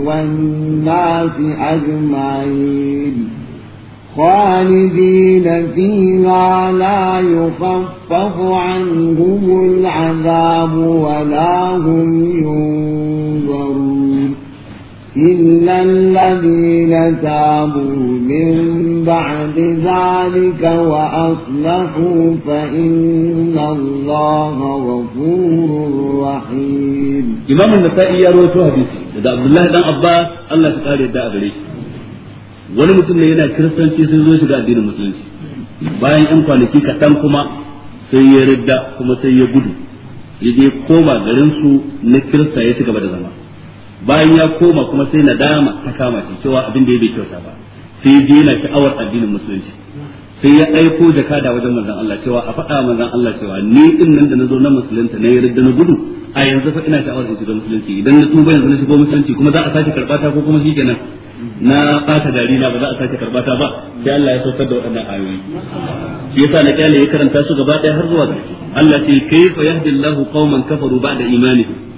والناس أجمعين خالدين فيها لا يخفف عنهم العذاب ولا هم ينظرون إلا الذين تابوا من بعد ذلك وأصلحوا فإن الله غفور رحيم إمام النسائي يروي في حديثه إذا عبد الله بن عباس الله تعالى يدعى غريش wani mutum ne yana kiristanci sun zo shiga addinin musulunci bayan yan kwanaki kaɗan kuma sai ya ridda kuma sai ya gudu ya je koma garinsu na kirista ya ci gaba da zama bayan ya koma kuma sai nadama ta kama shi cewa abin da ya bai kyauta ba sai je na sha'awar addinin musulunci sai ya aiko jakada wajen manzon Allah cewa a faɗa manzon Allah cewa ni din nan da nazo na musulunta na yarda na gudu a yanzu fa ina sha'awar in shiga musulunci idan na tuba yanzu na shigo musulunci kuma za a sake karɓa ta ko kuma shikenan na ɓata gari na ba za a sake karɓa ta ba sai Allah ya saukar da waɗannan ayoyi shi yasa na kyale ya karanta su gaba ɗaya har zuwa ƙarshe Allah sai kayfa yahdillahu qauman kafaru ba'da imanihim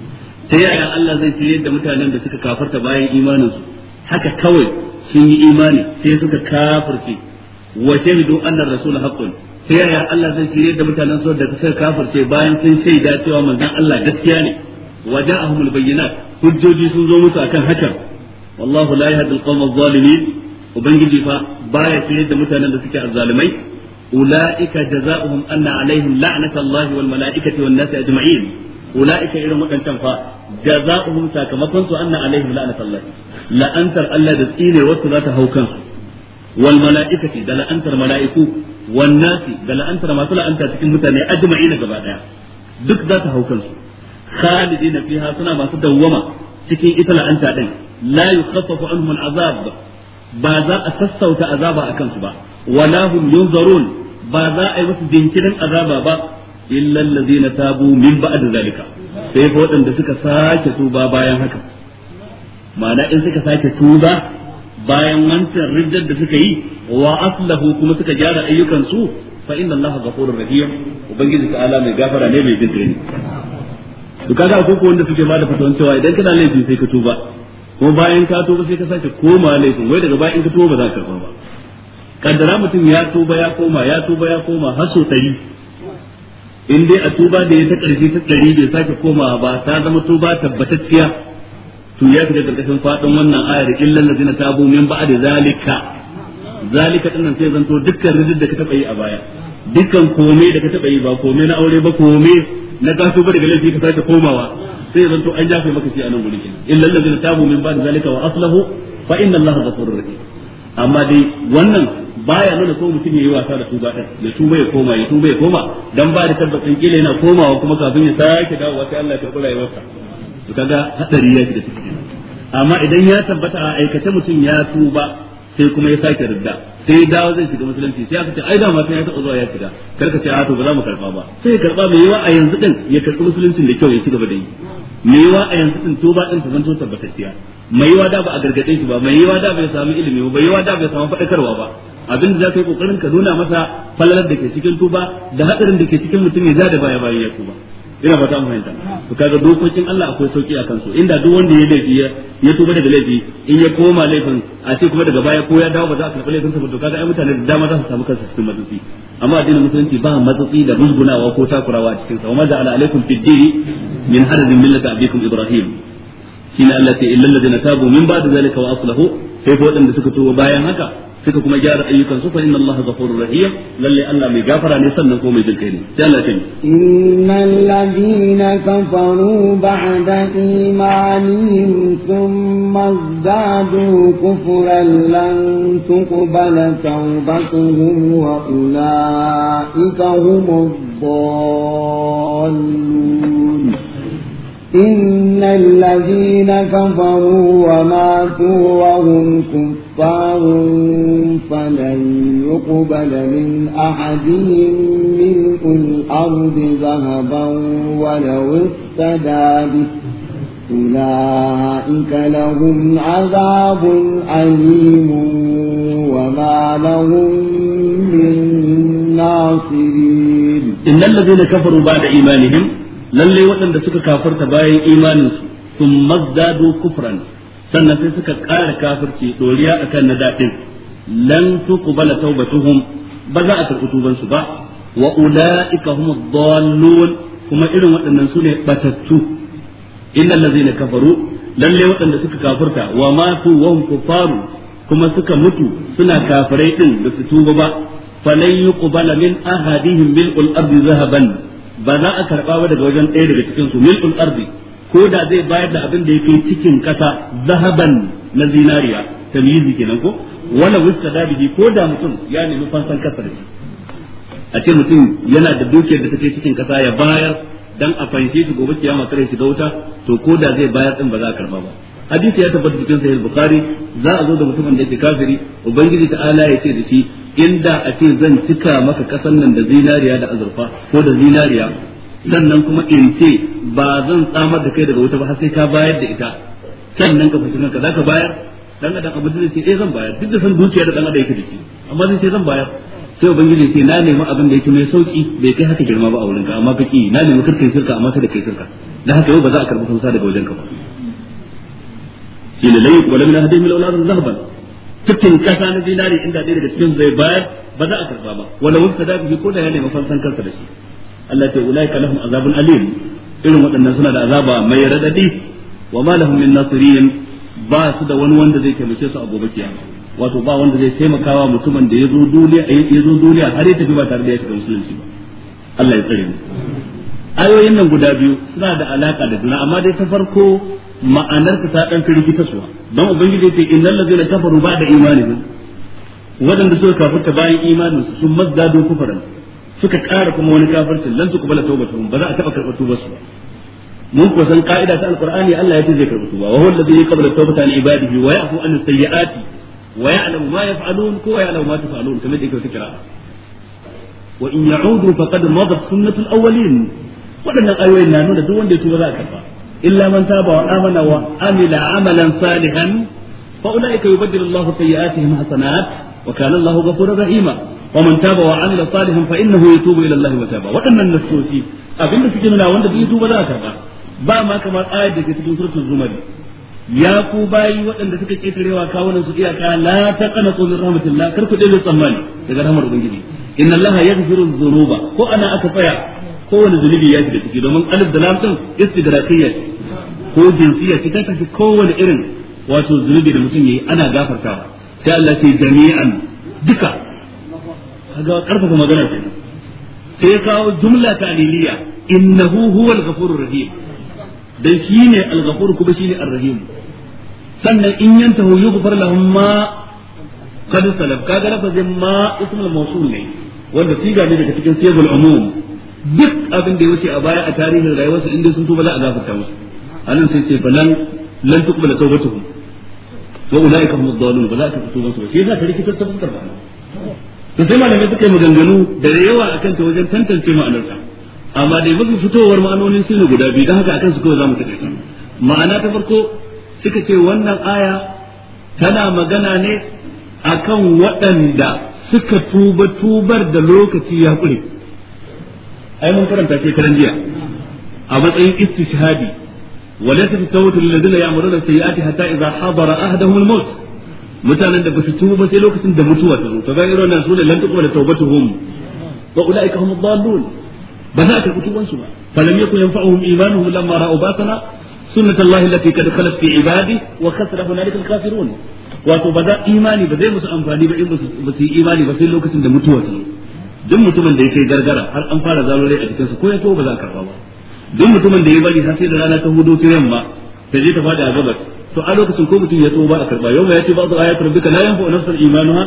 ta yaya Allah zai fiye yadda mutanen da suka kafarta bayan imaninsu haka kawai sun yi imani sai suka kafarce wa shahidu anna rasul haqqun ta yaya Allah zai fiye da mutanen su da suka kafarce bayan sun shaida cewa manzon Allah gaskiya ne wa ja'ahumul bayyinat hujjoji sun zo musu akan hakan wallahu la yahdi al adh-dhalimin ubangiji fa baya fiye da mutanen da suke azzalimai ulaika jazaohum anna alaihim la'natullahi wal mala'ikati wan nasi ajma'in ulaika irin waɗancan fa jazaohum sakamakon su anna alaihim la'natullah la'antar Allah da tsine wasu za ta hau kansu wal mala'ikati da la'antar mala'iku wan nasi da la'antar masu la'anta cikin mutane ajma'ina gaba daya duk za ta hau kansu khalidina fiha suna masu dawwama cikin ita la'anta din la yukhaffafu anhum al'azab ba za a sassauta azaba a kansu ba wala hum ba za a yi musu jinkirin azaba ba illa allazina tabu min ba'd zalika sai fa waɗanda suka sake tuba bayan haka ma'ana in suka sake tuba bayan wancan riddar da suka yi wa aslahu kuma suka gyara ayyukan su fa inna allaha ghafurur rahim ubangiji ala mai gafara ne mai jin ne to kaga akwai wanda suke ba da fatan cewa idan kana laifi sai ka tuba kuma bayan ka tuba sai ka sake koma laifin wai daga bayan ka tuba ba za ka karba ba kaddara mutum ya tuba ya koma ya tuba ya koma har sau ɗari in dai a tuba da ya ta karshe ta ɗari bai sake komawa ba ta zama tuba tabbatacciya to ya fi da karkashin fadin wannan ayar illal ladina tabu min da zalika zalika nan sai zanto dukkan rijin da ka taɓa yi a baya dukkan kome da ka taɓa yi ba kome na aure ba kome na gaso ba daga laifi ka sake komawa sai zanto an jafe maka shi a nan gurin illal ladina tabu min da zalika wa aslahu fa inna allaha ghafurur rahim amma dai wannan baya nuna ko mutum ya yi wasa da tuba ɗin ya tuba ya koma ya tuba ya koma dan ba da tabbacin kila yana komawa kuma kafin ya sake dawowa sai Allah ya karɓi rayuwarsa to kaga hadari ya shiga cikin amma idan ya tabbata a aikace mutum ya tuba sai kuma ya sake ridda sai dawo zai shiga musulunci sai aka ce ai da matan ya taɓa zuwa ya shiga kar ka ce a to ba za mu karɓa ba sai ya karɓa mai yawa a yanzu ɗin ya karɓi musuluncin da kyau ya ci gaba da yi mai yawa a yanzu ɗin tuba ɗin ta zanto tabbatacciya mai yawa da ba a gargaɗe shi ba mai yawa da bai samu ilimi ba mai yawa da bai samu faɗakarwa ba abin da za ka yi kokarin ka nuna masa falalar da ke cikin tuba da hadarin da ke cikin mutum ya da baya baya ya tuba ina ba ta fahimta to kaga dokokin Allah akwai sauki a kansu inda duk wanda ya laifi ya tuba daga laifi in ya koma laifin a ce kuma daga baya ko ya dawo ba za a karɓi laifin sa to kaga ai mutane da dama za su samu kansu cikin matsatsi amma addinin musulunci ba matsatsi da musgunawa ko takurawa a cikin sa wa madza ala alaikum fid dini min haradin millata abikum ibrahim shine Allah sai illal ladina tabu min ba'da zalika wa aslahu sai ko wadanda suka tuba bayan haka suka kuma gyara ayyukan su fa inna allaha ghafurur rahim lalle Allah mai gafara ne sannan kuma mai jin kai ne sai Allah ce innal ladina kafaru ba'da imanihim thumma zadu kufran lan tuqbala tawbatuhum wa ulaika humud ضالون إن الذين كفروا وماتوا وهم كفار فلن يقبل من أحدهم ملء الأرض ذهبا ولو افتدى به أولئك لهم عذاب أليم وما لهم من ناصرين إن الذين كفروا بعد إيمانهم lalle waɗanda suka kafarta bayan imanin su sun mazdado kufran sannan sai suka ƙara kafirci doriya akan na daɗin lan tuqbala tawbatuhum ba za a karɓi tuban su ba wa ulaika hum dallun kuma irin waɗannan su ne batattu innal ladzina kafaru lalle waɗanda suka kafarta wa matu wa hum kufaru kuma suka mutu suna kafirai ɗin da su tuba ba falan yuqbala min ahadihim bil ardi zahaban ba za a karba ba daga wajen ɗaya daga cikin su milkul ardi ko da zai bayar da abin da yake cikin kasa zahaban na zinariya tamyizi kenan ko wala wusta da bihi ko da mutum ya nemi fansan kasa da shi a ce mutum yana da dukiyar da take cikin kasa ya bayar dan a fanshe shi gobe kiyama kare shi ga wuta to ko da zai bayar din ba za a karba ba hadisi ya tabbata cikin sahih bukhari za a zo da mutumin da yake kafiri ubangiji ta'ala ya ce da shi inda a ce zan cika maka kasan nan da zinariya da azurfa ko da zinariya sannan kuma in ce ba zan tsamar da kai daga wuta ba har sai ka bayar da ita sannan ka fushi kanka zaka bayar dan adam abu zai ce eh zan bayar duk da san dukiya da dan adam yake da shi amma zai ce zan bayar sai ubangiji ya ce na nemi abin da yake mai sauki bai kai haka girma ba a wurinka amma kake na nemi karkai shirka amma da kai shirka dan haka yau ba za a karɓi fansa daga wajenka ba shi ne layyuk wala na hadin min lawla zahaban cikin kasa na zinari inda ɗaya daga cikin zai bayar ba za a karba ba wala wasta da bi ko da ya nemi fansan kansa da shi Allah ta ulaika lahum azabun alim irin waɗannan suna da azaba mai radadi wa ma lahum min nasirin ba su da wani wanda zai taimake su a gobe kiyama wato ba wanda zai taimakawa mutumin da ya zo duniya ya zo duniya har ya tafi ba tare da ya shiga musulunci ba Allah ya tsare mu ayoyin nan guda biyu suna da alaka da juna amma dai ta farko ma'anar ta ta dan firgita suwa dan ubangiji yace innal ladzina kafaru ba'da imanihim wadanda suka ta bayan imanin su sun mazdado kufaran suka ƙara kuma wani kafircin lan tuqbala tawbatuhum ba za a taba karɓar tubar su mun ko san ka'ida ta alqur'ani Allah ya yace zai karɓi tuba wa huwa alladhi yaqbalu tawbata an ibadihi wa ya'fu an sayyi'ati wa ya'lamu ma yaf'alun ko wa ya'lamu ma taf'alun kamar da yake wata kira'a wa in ya'udu faqad madat sunnatul awwalin waɗannan ayoyin na nuna duk wanda ya tuba za a karba illa man taba wa amana wa amila amalan salihan fa ulaika yubaddilu Allahu sayyi'atihim hasanat wa kana Allahu ghafurur rahima wa man taba wa amila salihan fa innahu yatubu ila Allahi wa taba waɗannan nasosi abinda suke nuna wanda duk ya tuba za a ba ma kamar ayat da ke cikin suratul zumar ya ku bayi waɗanda suka ketarewa kawunan su iyaka la taqnatu min rahmatillah kar ku dace tsammani daga rahmar ubangiji inna allaha yaghfiru dhunuba ko ana aka tsaya kowane zunubi ya shiga ciki domin alif da lam din ce ko jinsiyya ce ta tafi kowane irin wato zunubi da mutum yayi ana gafartawa sai Allah ce jami'an duka kaga karfafa magana ce sai kawo jumla ta'liliya innahu huwal ghafurur rahim dan shine al-ghafur kuma shine ar-rahim sannan in yantahu yughfar lahum ma qad salaf kaga lafazin ma ismul mawsul ne wanda siga ne daga cikin sayyidul umum duk abin da ya wuce a baya a tarihin rayuwarsu inda sun tuba za a gafarta musu anan sai ce falan lan tuqbala tawbatuhum wa ulaika hum ad-dallun ba za ta fito musu ba sai za ta rikitar tafsirar ba to sai malamai suka yi maganganu da yawa akan ta wajen tantance ma'anarta amma dai mafi fitowar ma'anonin su ne guda biyu da haka akan su kawai za mu ma'ana ta farko suka ce wannan aya tana magana ne akan waɗanda suka tuba tubar da lokaci ya ƙure ai mun karanta ce karan jiya a matsayin istishhadi walaysa tawbatul ladina ya'muruna sayyi'ati hatta idza hadara ahaduhum al-maut mutanen da basu tuba sai lokacin da mutuwa ta zo to ga irin nan sune lan tuqbala tawbatuhum wa ulaika hum ad-dallun ba za ka kutuban su ba falam yakun yanfa'uhum imanuhum lamma ra'u basana sunnat Allah allati kad khalat fi ibadi wa khasara hunalika al-kafirun wato ba za imani ba zai musu amfani ba in ba su yi imani ba sai lokacin da mutuwa ta zo duk mutumin da ya kai gargara har an fara zalure a cikinsa ko ya to ba za a karba ba duk mutumin da ya bari har sai da rana ta hudu ta yamma ta je ta fada a gabas to a lokacin ko mutum ya to ba a karba yau ma ya ce ba zuwa ayatul rabbika la yanfa'u nafsan imanuha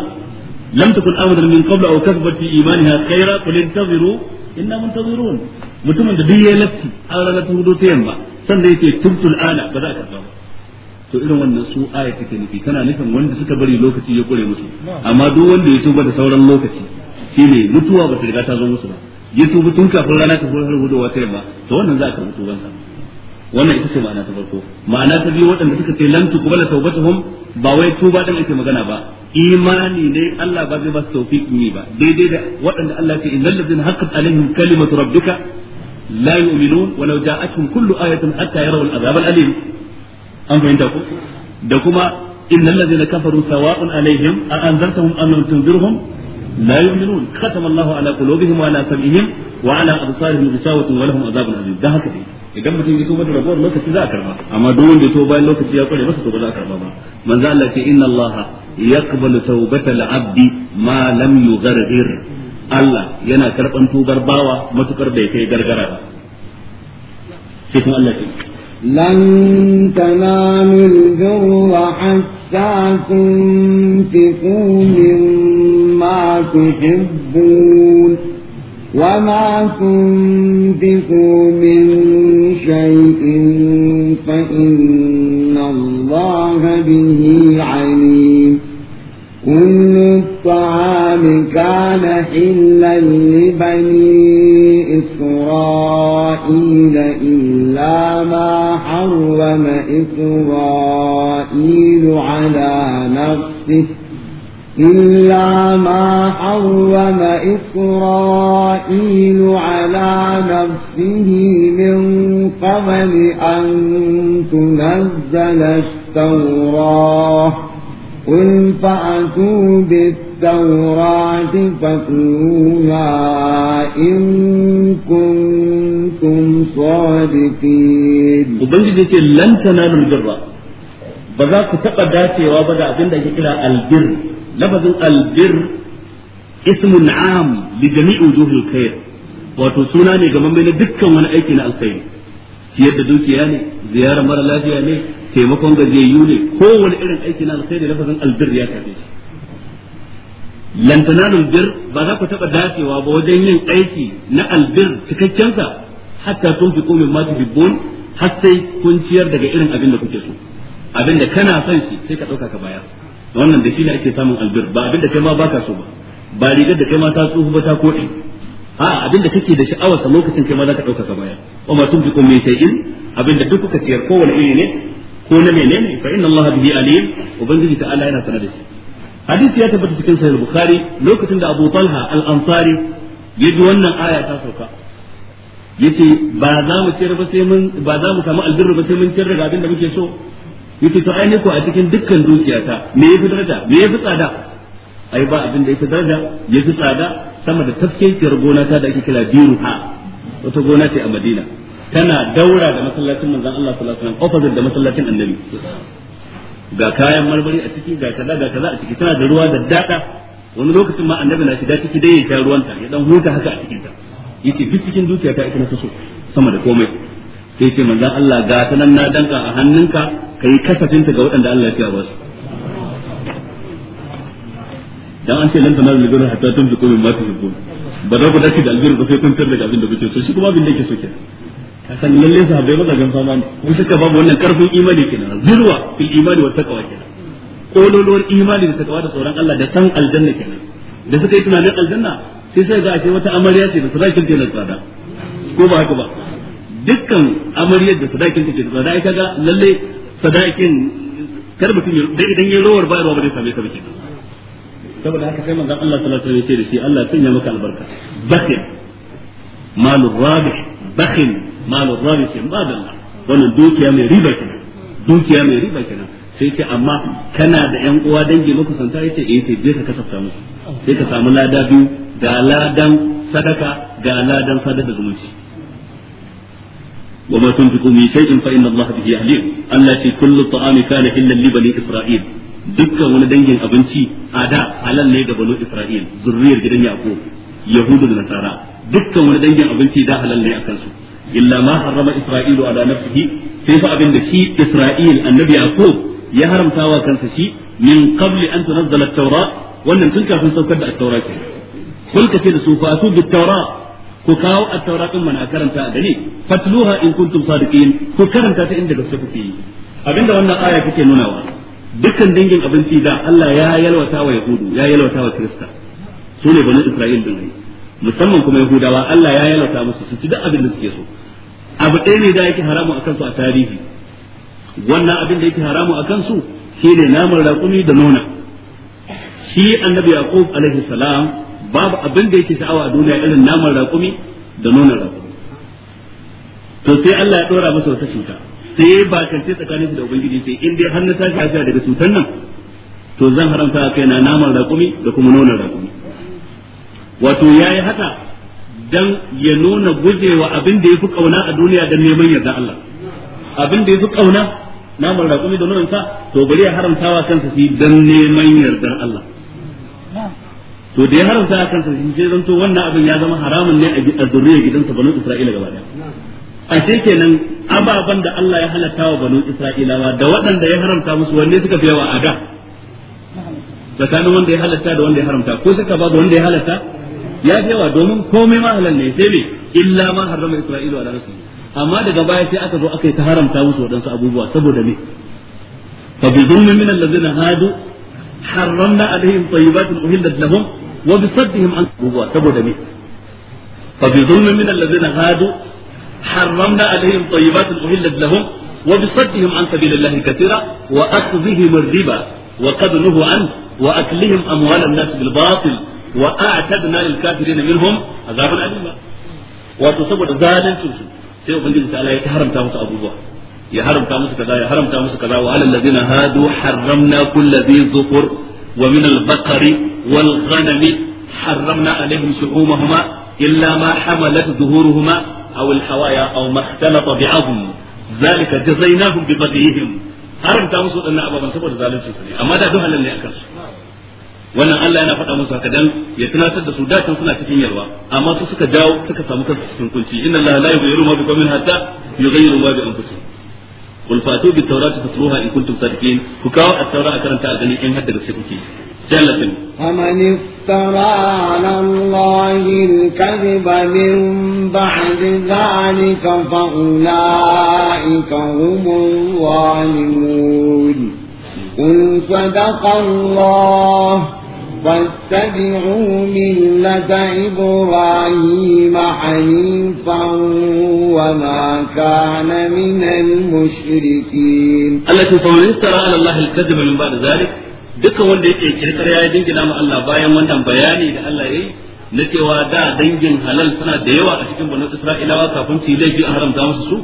lam takun amadan min qabla aw kasbat fi imaniha khayra qul intaziru inna muntazirun mutumin da duk ya latti a rana ta hudo ta yamma sannan yake tubtul ana ba za a karba ba to irin wannan su aya take nufi tana nufin wanda suka bari lokaci ya kure musu amma duk wanda ya tuba da sauran lokaci shine mutuwa ba ta riga ta zo musu ba ya tubu tun kafin rana ta fara hudowa ta yamma to wannan za a karɓi tubansa wannan ita ce ma'ana ta farko ma'ana ta biyu waɗanda suka ce lam tuqbala tawbatuhum ba wai tuba din ake magana ba imani ne Allah ba zai ba su tawfiqin yi ba daidai da waɗanda Allah ya ce innal ladzina haqqat alaihim kalimatu rabbika la yu'minun walau ja'atuhum kullu ayatin hatta yarawu al'azab al'alim an fahimta ko da kuma innal ladzina kafaru sawa'un alaihim a anzartahum am lam tunzirhum لا يؤمنون ختم الله على قلوبهم وعلى سمعهم وعلى أبصارهم غشاوة ولهم عذاب عظيم ده هكذا idan mutum ya tuba da rabuwar lokaci za a karba amma duk wanda ya tuba lokaci ya kware masa to ba za a karba ba manzo Allah ce inna Allah yaqbalu tawbatal abdi ma lam yughargir Allah yana karban tubar bawa matukar da kai gargara ba sai kuma Allah ce lan tanamul birra حتى تنفقوا مما تحبون وما تنفقوا من شيء فإن الله به عليم كل الطعام كان حلا لبني إسرائيل إلا ما حرم إسرائيل التأويل على نفسه إلا ما حرم إسرائيل على نفسه من قبل أن تنزل التوراة قل فأتوا بالتوراة فاتلوها إن كنتم صادقين وبنجد لن تنالوا البر ba za ku taɓa dacewa ba da abin da ake kira albir lafazin albir ismun am li jami'i wujuhil khair wato suna ne gaban mai na dukkan wani aiki na alkhairi ciyar da dukiya ne ziyara mara lafiya ne taimakon gajiyayyu ne kowane irin aiki na alkhairi lafazin albir ya tafi. shi lantana albir ba za ku taɓa dacewa ba wajen yin aiki na albir cikakkensa hatta tun fi komin ma tuhibbun har sai kun ciyar daga irin abin da kuke so abinda kana son shi sai ka dauka ka baya wannan da shi ne ake samun albir ba abinda kai ma baka so ba ba rigar da kai ma ta tsohu ba ta koɗi a abinda kake da sha'awar sa lokacin kai ma za ka dauka ka baya wa ma tunfiqu min shay'in abinda duk kuka siyar kowane iri ne ko na menene fa inna Allah bihi alim ubangiji ta Allah yana sanar da shi hadisi ya tabbata cikin sahih bukhari lokacin da Abu Talha al-Ansari ya ji wannan aya ta sauka yace ba za mu ciyar ba sai mun ba za mu samu albirru ba sai mun ciyar da abinda muke so yace to ai ne ko a cikin dukkan dukiyata me yafi daraja me yafi tsada ai ba abin da yafi daraja yafi tsada sama da tafkekiyar gona ta da ake kira biruha wata gona ce a Madina tana daura da masallacin manzon Allah sallallahu alaihi wasallam opposite da masallacin Annabi ga kayan marmari a ciki ga kaza ga kaza a ciki tana da ruwa da dada wani lokacin ma annabi na shiga ciki dai ya sha ruwanta ya dan huta haka a cikin ta yace duk cikin dukiya ta ita na kaso sama da komai sai ce manzon Allah ga tanan na danka a hannunka kai kasafin ta ga waɗanda Allah ya ba su dan an ce lan tanaru lillahi hatta min masu tuhibbun ba za ku dace da albiru ba sai kun tsarda abin da kuke so shi kuma abin da yake so ke ka san lalle sahabbai mazajen fama ne kun suka babu wannan karfin imani kenan zirwa fil imani wa taqwa kenan kololuwar imani da taqwa da tsoron Allah da san aljanna kenan da suka yi tunanin aljanna sai sai ga a ce wata amarya ce da sadakin ke na tsada ko ba haka ba dukkan amaryar da sadakin ta ke tsada ai kaga lalle sadakin kar mutum ya idan ya lowar bayarwa ba zai same ka ba kenan saboda haka sai manzon Allah sallallahu alaihi wasallam ya ce Allah ya maka albarka bakhil malu rabih bakhil malu rabih da Allah wannan dukiya mai riba kenan dukiya mai riba kenan sai ce amma kana da yan uwa dangi santa yace eh sai je ka kasafta musu sai ka samu lada biyu ga ladan sadaka ga ladan sadaka zumunci وما تنفقوا من شيء فإن الله به عليم ألا في كل الطعام كان إلا لبني إسرائيل دكا وندين أبنتي أداء على اللي بنو إسرائيل ذرية جدن يعقوب يهود النصارى دكا وندين أبنتي دا على اللي أكلسو إلا ما حرم إسرائيل على نفسه كيف أبن شيء إسرائيل النبي يعقوب يا هرم تاوى كان شيء من قبل أن تنزل التوراة وأن تنكر في سوكر التوراة قل كثير سوف أتوب بالتوراة ku kawo at-taura din mana karanta da ni fatluha in kuntum sadiqin ku karanta ta inda gaske kuke yi abinda wannan aya take nunawa dukkan dangin abinci da Allah ya yalwata wa yahudu ya yalwata wa krista su ne bani isra'il din musamman kuma yahudawa Allah ya yalwata musu su ci duk abin da suke so abu ɗaya ne da yake haramu akan su a tarihi wannan abin da yake haramu akan su shine naman raƙumi da nona shi annabi yaqub alaihi salam babu abin da yake sha'awa a duniya irin naman raƙumi da nonon raƙumi to sai Allah ya dora masa wata cuta sai ya bakance tsakanin su da ubangiji sai in dai har na tashi lafiya daga cutar nan to zan haramta a kaina naman raƙumi da kuma nonon raƙumi wato yayi haka dan ya nuna gujewa abin da yafi kauna a duniya dan neman yarda Allah abin da yafi kauna naman raƙumi da nonon sa to bari ya haramtawa kansa shi dan neman yardar Allah to da ya haramta a kansa shi sai zanto wannan abin ya zama haramun ne a zuriyar gidansa banu isra'ila gaba daya a sai kenan ababen da Allah ya halatta wa banu isra'ilawa da waɗanda ya haramta musu wanne suka fi yawa a da tsakanin wanda ya halatta da wanda ya haramta ko suka babu wanda ya halatta ya fi yawa domin komai ma halal ne sai ne illa ma harama Isra'ila wa rasul amma daga baya sai aka zo aka yi ta haramta musu waɗansu abubuwa saboda me fa bi zulmin min allazina hadu harramna alaihim tayyibatin uhillat lahum wa bi saddihim an abubuwa saboda me fa bi zulmin riba wa qad nuhu saboda sai ubangiji ta Allah ya haramta musu abubuwa ya haramta musu kaza ya haramta musu kaza wa alal ladina hadu harramna kulli dhi zukur ومن البقر والغنم حرمنا عليهم شحومهما إلا ما حملت ظهورهما أو الحوايا أو ما اختلط بعظم ذلك جزيناهم ببغيهم haramta musu waɗannan ababen saboda zalunci su ne amma da duk halal ne a kansu wannan Allah yana faɗa musu haka dan ya tunatar da su da can suna cikin yalwa amma su suka dawo suka samu kansu cikin kunci inna Allah la yughayyiru ma biqawmin hatta yughayyiru ma bi anfusihim قل فاتوا بالتوراة فاتروها إن كنتم صادقين فكاو التوراة كرنتا أغني إن هدر سكتي جلة فمن افترى على الله الكذب من بعد ذلك فأولئك هم الظالمون قل صدق الله واتبعوا ملة إبراهيم حنيفا وما كان من المشركين التي فمن على الله الكذب من بعد ذلك dukkan wanda yake kirkar ya dingina ma Allah bayan wannan bayani da Allah yi na cewa da dangin halal suna da yawa a cikin banu Isra'ilawa kafin su yi laifi a haramta musu su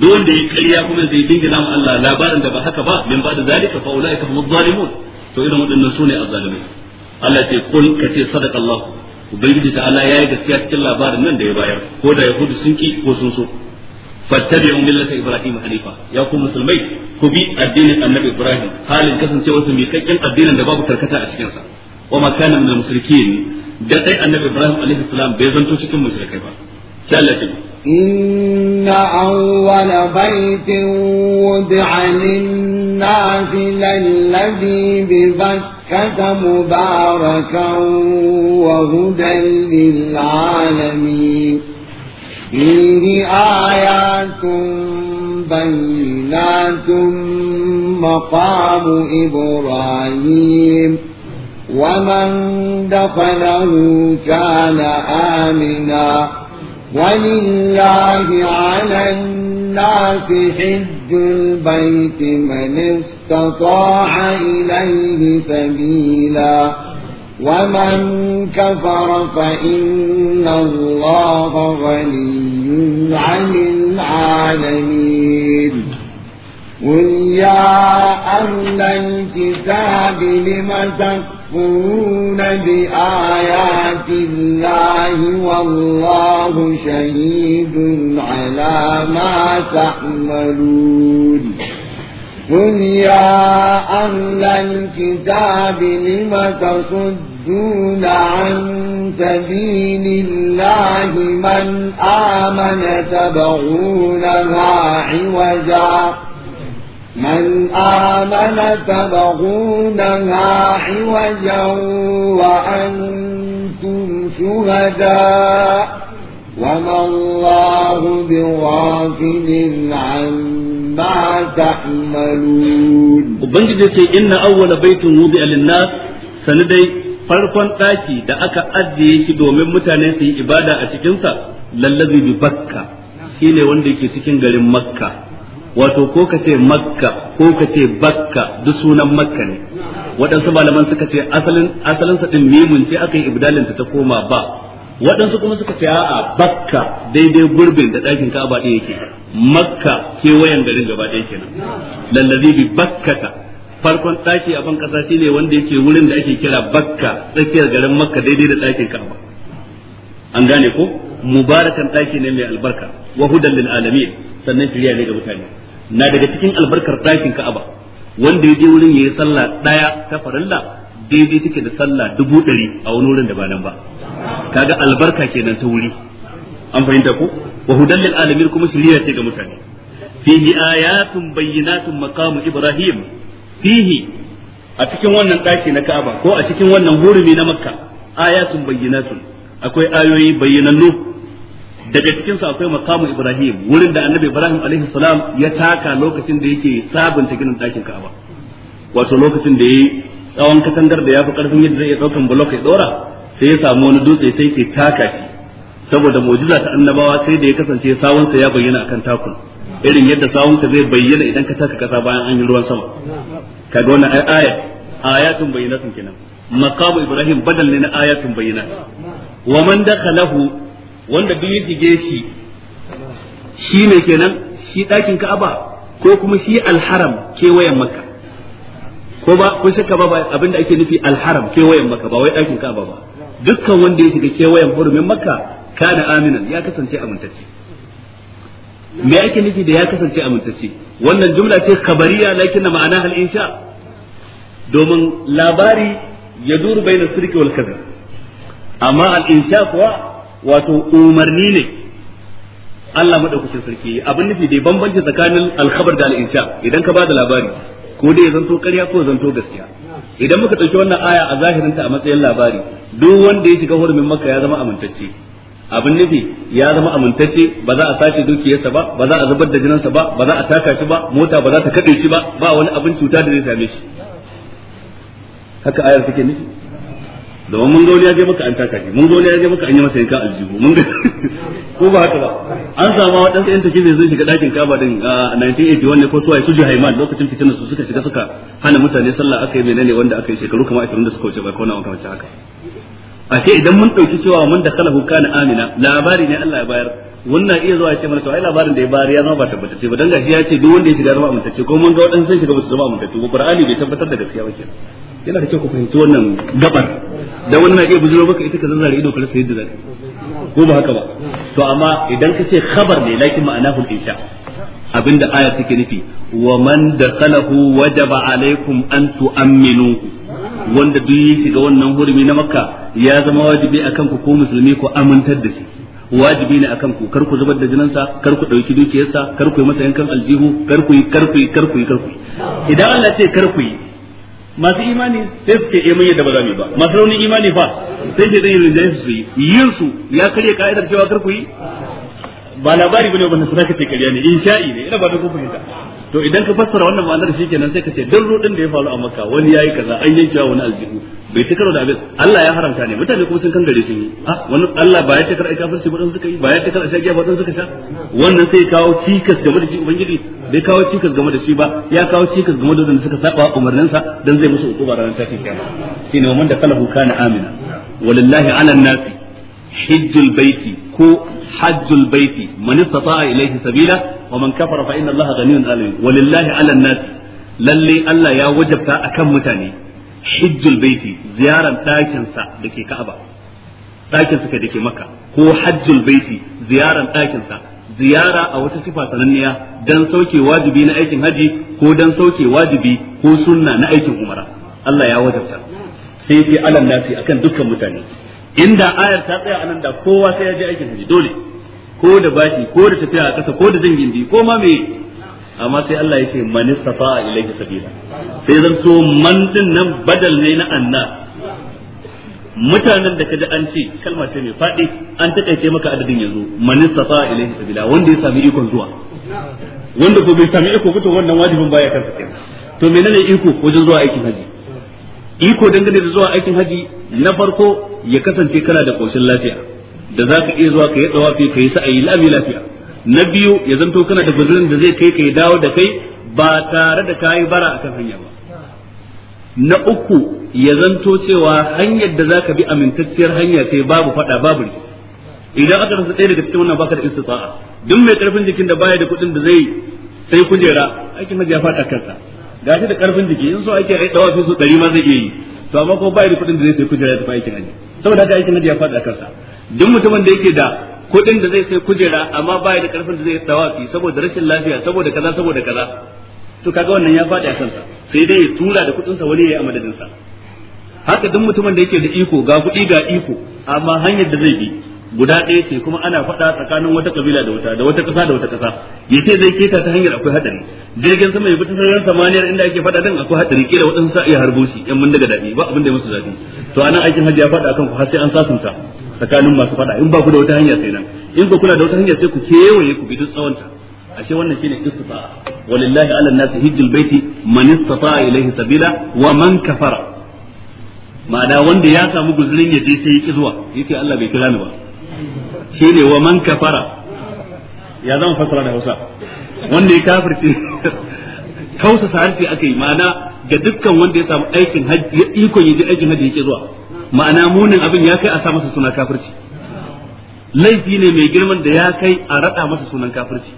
duk wanda ya kuma zai dingina ma Allah labarin da ba haka ba min ba da zalika fa ulaika hum zalimun to irin waɗannan sune azzalimai Allah ce kul ka ce sadaka Allah ubangiji ta Allah yayi gaskiya cikin labarin nan da ya bayar ko da yahudu sun ki ko sun so fattabi'u millata ibrahim hanifa ya ku musulmai ku bi addinin annabi ibrahim halin kasancewa su mikakken addinin da babu tarkata a cikin sa wa ma kana min al-musrikin da sai annabi ibrahim alaihi salam bai zanto cikin mushrikai ba sai Allah إن أول بيت ودع للناس للذي ببكة مباركا وهدى للعالمين فيه آيات بينات مقام إبراهيم ومن دخله كان آمناً ولله على الناس حج البيت من استطاع إليه سبيلا ومن كفر فإن الله غني عن العالمين قل يا أهل الكتاب لم تكفرون بآيات الله والله شهيد على ما تعملون قل يا أهل الكتاب لم تصدون عن سبيل الله من آمن تبغونها عوجا من آمن تبغونها عوجا وأنتم شهداء وما الله بغافل عما تعملون وبنجد إن أول بيت وضع للناس سندي farkon ɗaki da aka ajiye shi domin mutane su yi ibada a cikinsa lallazi bi bakka shine wanda yake cikin garin makka wato ko ka ce makka ko ka ce bakka duk sunan makka ne waɗansu malaman suka ce asalin asalin sa din mimun sai aka yi ibdalin ta koma ba waɗansu kuma suka ce a'a bakka daidai gurbin da ɗakin ka'aba ɗin yake makka kewayen garin gaba ɗaya kenan lallazi bi bakkata farkon ɗaki a ban ƙasa shine wanda yake wurin da ake kira bakka tsakiyar garin makka daidai da ɗakin ka'aba an gane ko mubarakan ɗaki ne mai albarka wa hudan lil alamin sannan shirya ne ga mutane na daga cikin albarkar ɗakin ka'aba wanda ya je wurin ya yi sallah ɗaya ta farilla daidai take da sallah dubu ɗari a wani wurin da ba nan ba kaga albarka kenan ta wuri an fahimta ko wa hudan lil alamin kuma shiriya ce ga mutane fihi ayatun bayyinatun maqamu ibrahim fihi a cikin wannan ɗaki na ka'aba ko a cikin wannan hurumi na makka ayatun bayyinatun akwai ayoyi bayyanannu daga cikin su akwai makamu ibrahim wurin da annabi ibrahim alaihi salam ya taka lokacin da yake sabunta ginin dakin ka'aba wato lokacin da yayi tsawon katangar da yafi karfin yadda zai iya daukan block ya dora sai ya samu wani dutse sai yake taka shi saboda mu'jiza ta annabawa sai da ya kasance sa ya bayyana akan takun irin yadda ka zai bayyana idan ka taka kasa bayan an yi ruwan sama kaga wannan ayat ayatun bayyinatun kenan Makamu ibrahim badal ne na ayatun bayyana. wa man dakhalahu wanda duk ya shige shi shi ne kenan shi ɗakin ka'aba ko kuma shi alharam kewayen makka ko ba ko shakka ba abinda ake nufi alharam kewayen makka ba wai ɗakin ka'aba ba dukkan wanda ya shiga kewayen hurumin makka kana aminan ya kasance amintacce me ake nufi da ya kasance amintacce wannan jumla ce khabariya lakin ma'ana hal insha domin labari ya duru bayna sirki wal kadhib amma al insha kuwa wato umarni ne Allah madaukakin sarki abin nufi dai bambanci tsakanin alkhabar da al'insha idan ka bada labari ko dai ya zanto ƙarya ko zanto gaskiya idan muka ɗauki wannan aya a zahirinta a matsayin labari duk wanda ya shiga hurumin makka ya zama amintacce abin nufi ya zama amintacce ba za a sace dukiyarsa ba ba za a zubar da jininsa ba ba za a taka shi ba mota ba za ta kaɗe shi ba ba wani abin cuta da zai same shi haka ayar take nufi da mun ga wani ya je maka an taka shi mun ga wani ya je maka an yi masa yanka aljihu mun ga ko ba haka ba an samu waɗansu yan tafi zai shiga dakin kaba din a 1981 ne ko suwaye su haiman lokacin fitinar su suka shiga suka hana mutane sallah aka yi menene wanda aka yi shekaru kuma 20 da suka wuce ba ko na wanka haka ashe idan mun dauki cewa mun da kalahu kana amina labari ne Allah ya bayar wannan iya zuwa ce mana to ai labarin da ya bari ya zama ba ce ba dan gashi ya ce duk wanda ya shiga zama amintacce ko mun ga wadansu sun shiga ba su zama amintacce ba qur'ani bai tabbatar da gaskiya ba kenan yana da kyau ku fahimci wannan gabar da wannan iya bujuro maka ita ka zazzare ido kala sai da ko ba haka ba to amma idan ka ce khabar ne lakin ma'anahu insha abinda aya take nufi wa man dakhalahu wajaba alaikum an tu'minu wanda duk ya shiga wannan hurumi na makka ya zama wajibi akan ku ko musulmi ko amintar da shi wajibi ne akan ku kar ku zubar da jinin sa kar ku dauki dukiyarsa kar ku yi masa yankan aljihu kar ku yi kar ku yi kar ku yi kar ku yi idan Allah ce kar ku yi masu imani sai suke ce eh mun yadda ba za mu yi ba masu raunin imani fa sai ke zai rinjaye su yi yin su ya karya ka'idar cewa kar ku yi ba labari bane wannan sadaka ce kariya ne insha'i ne ina ba da ku fahimta to idan ka fassara wannan ma'anar shi kenan sai ka ce duk rudin da ya faru a makka wani yayi kaza an wa wani aljihu bai ci karo da abin Allah ya haramta ne mutane kuma sun kangare sun yi ah wani Allah ba ya ci karo kafirci ba dan suka yi ba ya ci karo shi giya ba dan suka sha wannan sai kawo cikas game da shi ubangiji bai kawo cikas game da shi ba ya kawo cikas game da wanda suka saba umarnin sa dan zai musu hukuma ranar tashin kiyama shine man da kalahu kana amina walillahi ala nasi hajjul baiti ko hajjul baiti man istata'a ilayhi sabila wa man kafara fa inna allaha walillahi ala nas Allah ya wajabta akan mutane hijjul baiti ziyaran dakin sa Ka'aba dakin sa dake Makka ko hajjul baiti ziyaran ziyara a wata sifa sananniya dan sauke wajibi na aikin haji ko dan sauke wajibi ko sunna na aikin umara Allah ya wajabta sai ce alan nasi akan dukkan mutane inda ayar ta tsaya anan ya je aikin haji dole ko da bashi ko da tafiya a ƙasa ko da jan gindi ko ma me amma sai Allah ya ce man safa ilayhi sabila sai zan to man din nan badal ne na anna mutanen da kaji an ce kalma ce mai faɗi an takaice maka adadin yanzu man safa ilayhi sabila wanda ya sami ikon zuwa wanda ko bai sami iko fito wannan wajibin baya kansa kenan to menene iko wajen zuwa aikin haji iko dangane da zuwa aikin haji na farko ya kasance kana da koshin lafiya da za ka iya zuwa ka yi tsawafi ka yi sa'ayi lami lafiya na biyu ya zanto kana da guzurin da zai kai ka yi dawo da kai ba tare da ka yi bara akan hanya ba na uku ya zanto cewa hanyar da za ka bi amintacciyar hanya sai babu fada babu rikici idan aka rasa ɗaya daga cikin wannan baka da istita'a duk mai karfin jikin da baya da kuɗin da zai sai kujera aikin hajji ya faɗa kansa gashi da karfin jiki in so ake ai dawafi su ɗari ma zai iya yi to amma ko baya da kuɗin da zai sai kujera ya tafi aikin hajji saboda haka aikin hajji ya faɗa kansa duk mutumin da yake da kuɗin da zai sai kujera amma baya da karfin da zai tawafi saboda rashin lafiya saboda kaza saboda kaza to kaga wannan ya faɗi a kansa sai dai ya tura da kuɗinsa wani ya yi a madadinsa haka duk mutumin da yake da iko ga kuɗi ga iko amma hanyar da zai bi guda ɗaya ce kuma ana faɗa tsakanin wata kabila da wata da wata ƙasa da wata ƙasa ya ce zai keta ta hanyar akwai haɗari jirgin sama ya bi ta sararin samaniyar inda ake faɗa dan akwai haɗari kira waɗansu sa'a iya harbo shi in mun daga daɗi ba abin da ya musu zafi to anan aikin hajji ya faɗa akan ku har sai an sasunta tsakanin masu fada in ba ku da wata hanya sai nan in ba kula da wata hanya sai ku kewaye ku bi duk tsawonta ashe wannan shine istita'a walillahi ala nasi hijjul baiti man istata'a ilayhi sabila wa man kafara ma'ana wanda ya samu guzurin ya je sai ya ki zuwa yace Allah bai kira ni ba shine wa man kafara ya zama fasara da Hausa wanda ya kafirce kausa sa harshe ma'ana ga dukkan wanda ya samu aikin hajji ikon ya je aikin hajji yake zuwa ma'ana munin abin ya kai a sa masa suna kafirci laifi ne mai girman da ya kai a rada masa sunan kafirci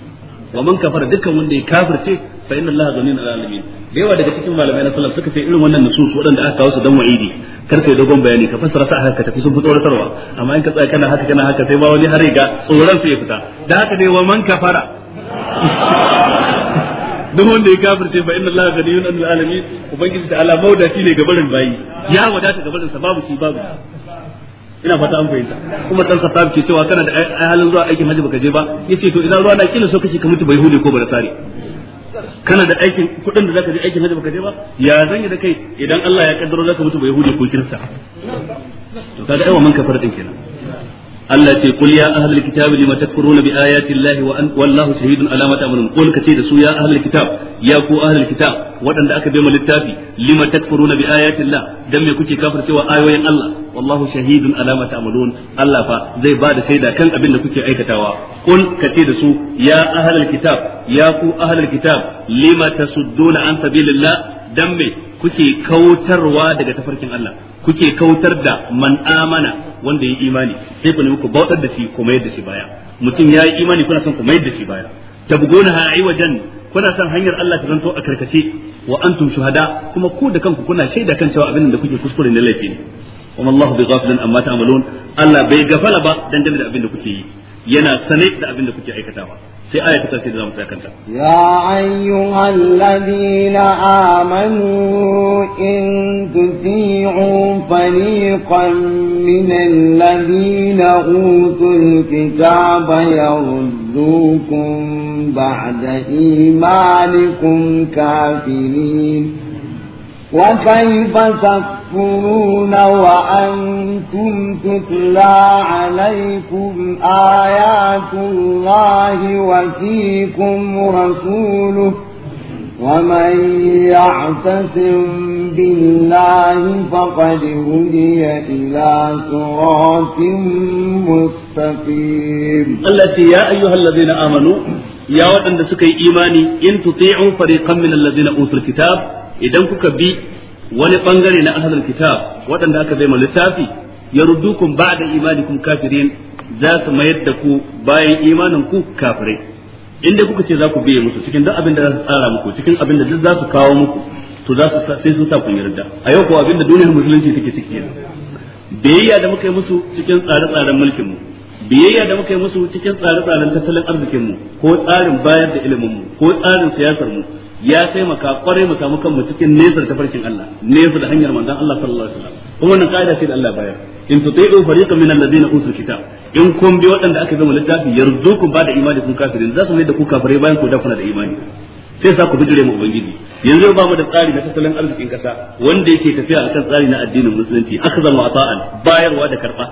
wa man kafara dukkan wanda ya kafirce fa inna allaha da yawa daga cikin malamai na sallah suka ce irin wannan nusus waɗanda aka kawo su dan wa'idi kar kai dogon bayani ka fassara sa haka tafi sun fi tsoratarwa amma in ka tsaya kana haka kana haka sai ba wani har riga tsoron su ya fita da haka ne wa man kafara don wanda ya kafirce fa inna allaha ghaniyun 'anil alamin ubangiji ta ala mawdaci ne ga barin bayi ya wadata ga barin sa babu shi babu ina fata an fahimta kuma dan safaf ke cewa kana da halin zuwa aikin hajji baka je ba yace to idan ruwa na kila so kace ka mutu bai hude ko bara sare kana da aikin kudin da zaka je aikin hajji baka je ba ya zanyi da kai idan Allah ya kaddaro zaka mutu bai hude ko kirsa to kaga aiwa man kafara din kenan Allah ce kul ya ahlul kitabi lima takfuruna bi ayati Allah wa an wallahu shahidun ala ma ta'malun kul kace da su ya ahlul kitab ya ku ahlul kitab waɗanda aka bai mu littafi lima takfuruna bi ayati Allah dan me kuke cewa ayoyin Allah wallahu shahidun ala ma ta'malun Allah fa zai ba da shaida kan abin da kuke aikatawa kul kace da su ya ahlul kitab ya ku ahlul kitab lima tasudduna an sabilillah dan me kuke kautarwa daga tafarkin Allah kuke kautar da man amana wanda ya imani sai ku nemi ku bautar da shi ku mayar da shi baya mutum ya yi imani kuna son ku mayar da shi baya tabgona ha wajen kuna son hanyar Allah ta zanto a karkace wa antum shuhada kuma ku da kanku kuna shaida kan cewa abin da kuke kuskure ne laifi ne kuma Allah bai ghafilan amma ta'malun Allah bai gafala ba dangane da abin da kuke yi yana sane da abin da kuke aikatawa sai aya ta karshe da zamu tsaya kanta ya ayyuhal ladina amanu in tusi'u fariqan min alladina utul kitaba yaruddukum ba'da imanikum kafirin وكيف تكفرون وأنتم تتلى عليكم آيات الله وفيكم رسوله ومن يعتصم بالله فقد هدي إلى صراط مستقيم التي يا أيها الذين آمنوا يا وطن سكي إيماني إن تطيعوا فريقا من الذين أوتوا الكتاب إذا كك wani bangare na ahlul kitab waɗanda aka bai littafi yaruddukum ba'da imanikum kafirin za su mayar da ku bayan imanin ku kafirai in dai kuka ce za ku biye musu cikin duk abin da za su tsara muku cikin abin da duk za su kawo muku to za su sai sun sa kun yarda a yau ko abin da duniyar musulunci take ciki biyayya da muka yi musu cikin tsare-tsaren mulkin mu biyayya da muka yi musu cikin tsare-tsaren tattalin arzikin mu ko tsarin bayar da ilimin mu ko tsarin siyasar mu ya taimaka kwarai mu samu kanmu cikin nesa da tafarkin Allah nesa da hanyar manzon Allah sallallahu alaihi wasallam kuma wannan kaida ce da Allah bayar in tuti'u fariqan min alladhina utul kitab in kun bi waɗanda aka zama littafi yarzukum ba da imani kun kafirin za su mai da ku kafirai bayan ku dafa da imani sai sa ku bijire mu ubangiji yanzu ba mu da tsari na tattalin arzikin kasa wanda yake tafiya akan tsari na addinin musulunci aka zama ata'an bayarwa da karba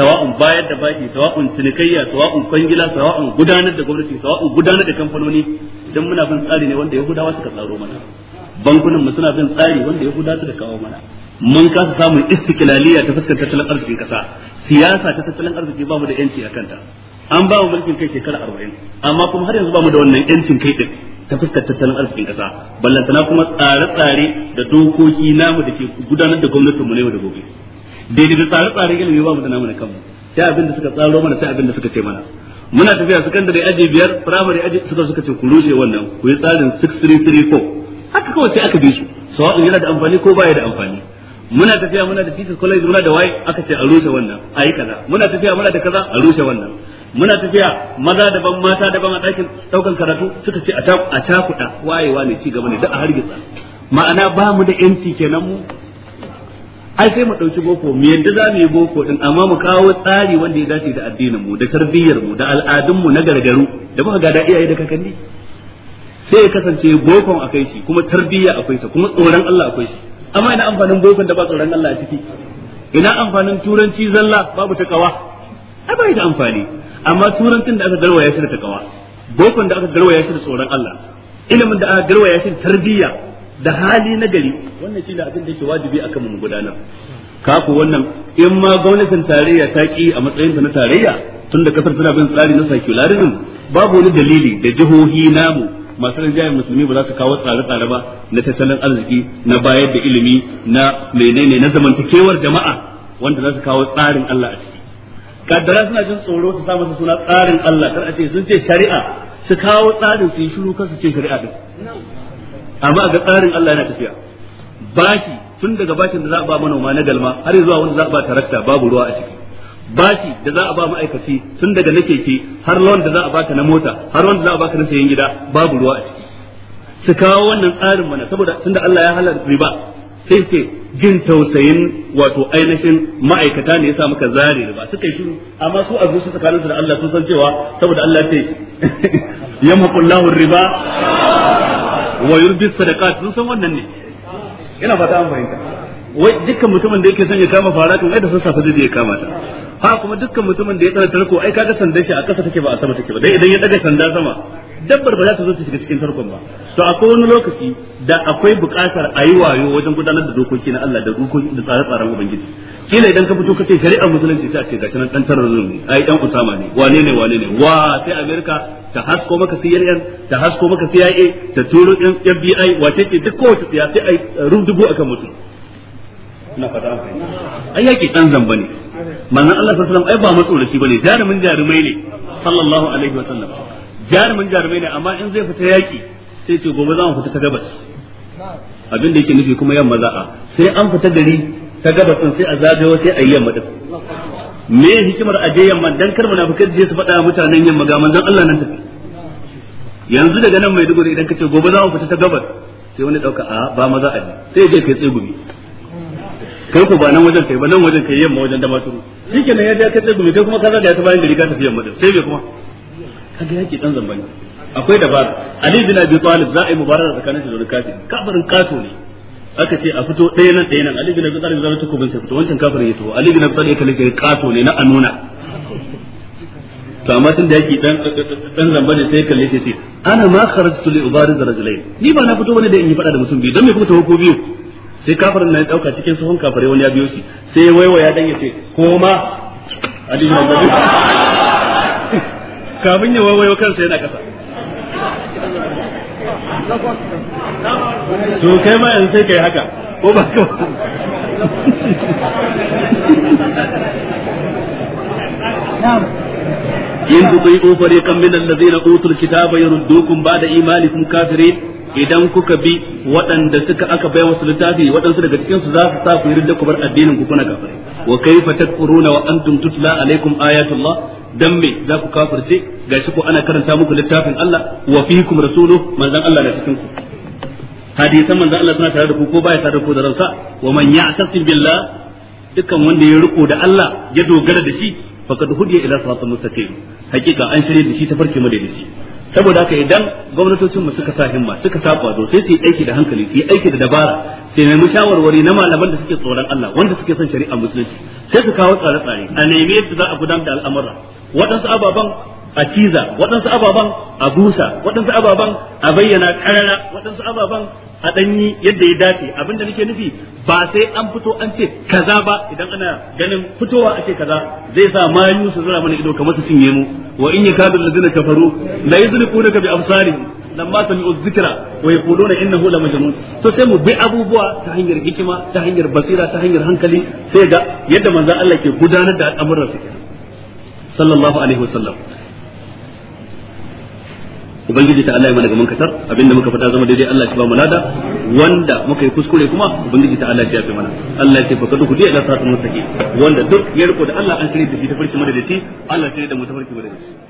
sawa'un bayar da bashi sawa'un cinikayya sawa'un kwangila sawa'un gudanar da gwamnati sawa'un gudanar da kamfanoni dan muna bin tsari ne wanda yahudawa suka tsaro mana bankunan mu suna bin tsari wanda yahudawa suka kawo mana mun kasa samun istiklaliya ta fuskar tattalin arzikin kasa siyasa ta tattalin arziki ba mu da yanci a kanta an ba mu mulkin kai shekara arba'in amma kuma har yanzu ba mu da wannan yancin kai din ta fuskar tattalin arzikin kasa ballantana kuma tsare-tsare da dokoki namu da ke gudanar da mu ne yau da gobe daidai da tsare tsare ilimi ba mu da namu na kanmu sai abin da suka tsaro mana sai abin da suka ce mana muna tafiya sakandare aji biyar firamare aji suka suka ce ku rushe wannan ku yi tsarin 6334 haka kawai sai aka bi su sawa'un yana da amfani ko baya da amfani muna tafiya muna da teachers college muna da waye aka ce a rushe wannan a yi kaza muna tafiya muna da kaza a rushe wannan muna tafiya maza daban mata daban a ɗakin ɗaukan karatu suka ce a cakuɗa wayewa ne ci gaba ne da a hargitsa ma'ana ba mu da yanci kenan mu ai sai mu ɗauki boko mu yadda za mu yi boko din amma mu kawo tsari wanda ya dace da addinin mu da tarbiyyar mu da al'adun mu na gargaru da muka gada iyaye da kakanni sai ya kasance bokon akai shi kuma tarbiyya akwai sa kuma tsoron Allah akwai shi amma ina amfanin bokon da ba tsoron Allah a ciki ina amfanin turanci zalla babu ta kawa. ai bai da amfani amma turancin da aka garwaya shi da kawa bokon da aka garwaya shi da tsoron Allah ilimin da aka garwaya shi tarbiyya da hali na gari wannan ne abin da yake wajibi akan mu gudanar kafu wannan in ma gwamnatin tarayya ta ki a matsayin ta na tarayya tun da kasar tana bin tsari na secularism babu wani dalili da jihohi namu masu rinjayen musulmi ba za su kawo tsare-tsare ba na tattalin arziki na bayar da ilimi na menene na zamantakewar jama'a wanda za su kawo tsarin Allah a ciki kaddara suna jin tsoro su sa masa suna tsarin Allah kar a ce sun ce shari'a su kawo tsarin su yi shiru kan su ce shari'a din amma ga tsarin Allah yana tafiya bashi tun daga bashin da za a ba manoma na galma har zuwa wanda za a ba tarakta babu ruwa a ciki bashi da za a ba ma'aikaci tun daga na keke har lawan da za a baka na mota har wanda za a baka na sayan gida babu ruwa a ciki su kawo wannan tsarin mana saboda tunda Allah ya halarta riba sai ce jin tausayin wato ainihin ma'aikata ne yasa muka zare riba suka yi shiru amma su a zuci tsakaninsu da Allah sun san cewa saboda Allah ce yamhaqullahu riba wa yulbi sadaqat sun san wannan ne ina fata an fahimta wai dukkan mutumin da yake son ya kama fara tun ai da sun safa zai kama ta ha kuma dukkan mutumin da ya tsara tarko ai kaga sandan shi a ƙasa take ba a sama take ba dai idan ya daga sanda sama dabbar ba za ta zo ta shiga cikin tarkon ba to akwai wani lokaci da akwai buƙatar a yi wayo wajen gudanar da dokoki na Allah da dokoki da tsare-tsaren ubangiji kila idan ka fito kace shari'a musulunci sai a ce gashi nan dan terrorism ne ai dan usama ne wane ne wane ne wa sai Amerika ta hasko maka CNN ta hasko maka CIA ta turo FBI wace ce duk kowace tsiya sai ai rubutu akan mutum na fata an fahimta ai yake dan zamba ne manzon Allah sallallahu alaihi wasallam ai ba matsoraci bane jarumin jarumai ne sallallahu alaihi wasallam jarumin jarumai ne amma in zai fita yaki sai ce gobe za mu fita ta gabas abin da yake nufi kuma yamma za a sai an fita gari ta gabas sai a zagayo sai a yi yamma din me hikimar a je yamma dan kar munafikai je su faɗa mutanen yamma ga manzon Allah nan tafi yanzu daga nan mai duguri idan kace gobe za mu fita ta gabas sai wani dauka a ba maza a sai je kai tsegumi kai ku ba nan wajen kai ba nan wajen kai yamma wajen dama turu shikenan ya je kai tsegumi kai kuma ka zaga ta bayan gari ka tafi yamma din sai bai kuma kaga yake dan zamban akwai dabara ali bin abi talib za a yi mubaraka tsakanin shi da kafin kafirin kaso ne aka ce a fito ɗaya nan ɗaya nan Ali bin Abi zara ta tukubin sai fito wancan kafirin ya taho Ali bin Abi ya kalle sai kato ne na anuna to amma tun da yake dan dan zamba ne sai kalle sai ana ma kharajtu li ubariz rajulain ni ba na fito bane da in yi fada da mutum biyu don me kuma tawo ko biyu sai kafirin nan ya dauka cikin sahun kafare wani ya biyo shi sai ya waiwaya dan ya ce koma Ali bin Abi Talib kafin ya waiwayo kansa yana kasa to kai ma yanzu sai kai haka ko ba ka in tuti'u fariqan min alladhina utul kitaba yurdukum ba'da imanikum kafirin idan kuka bi waɗanda suka aka bai wasu littafi waɗansu daga cikin su za su sa ku yi ridda ku bar addinin ku kuna kafirai wa kaifa takfuruna wa antum tutla alaikum ayatullah dan me za ku kafirce gashi ko ana karanta muku littafin Allah wa fiikum rasuluhu manzon Allah da cikin ku hadisan manzon Allah suna tare da ku ko baya tare da ku da ransa wa man ya'tasim billah dukkan wanda ya riko da Allah ya dogara da shi faqad hudiya ila siratal mustaqim hakika an shirye da shi ta farke madaidaici saboda haka idan gwamnatocin mu suka sa himma suka sa kwazo sai su yi aiki da hankali su yi aiki da dabara sai nemi shawarwari na malaman da suke tsoron Allah wanda suke son shari'a musulunci sai su kawo tsare-tsare a nemi yadda za a gudanar da al'amura waɗansu ababen a ciza waɗansu ababen a busa waɗansu ababen a bayyana ƙarara waɗansu ababen a ɗanyi yadda ya dace abinda nake nufi ba sai an fito an ce kaza ba idan ana ganin fitowa a ce kaza zai sa mayu su zura mana ido kamar su cinye mu wa in yakadu lazina kafaru la ka bi absarihim lamma sami'u dhikra wa na innahu la majnun to sai mu bi abubuwa ta hanyar hikima ta hanyar basira ta hanyar hankali sai ga yadda manzon Allah ke gudanar da al'amuran su sallallahu alaihi wasallam ubangiji ta Allah ya mana gaban katar abinda muka fada zama daidai Allah ya ba mu lada wanda muka yi kuskure kuma ubangiji ta Allah ya fi mana Allah ya ce fa kadu ku dai ila sa'atul mustaqim wanda duk ya riko da Allah an shirye da shi ta farki madadaci Allah ya da mu ta farki madadaci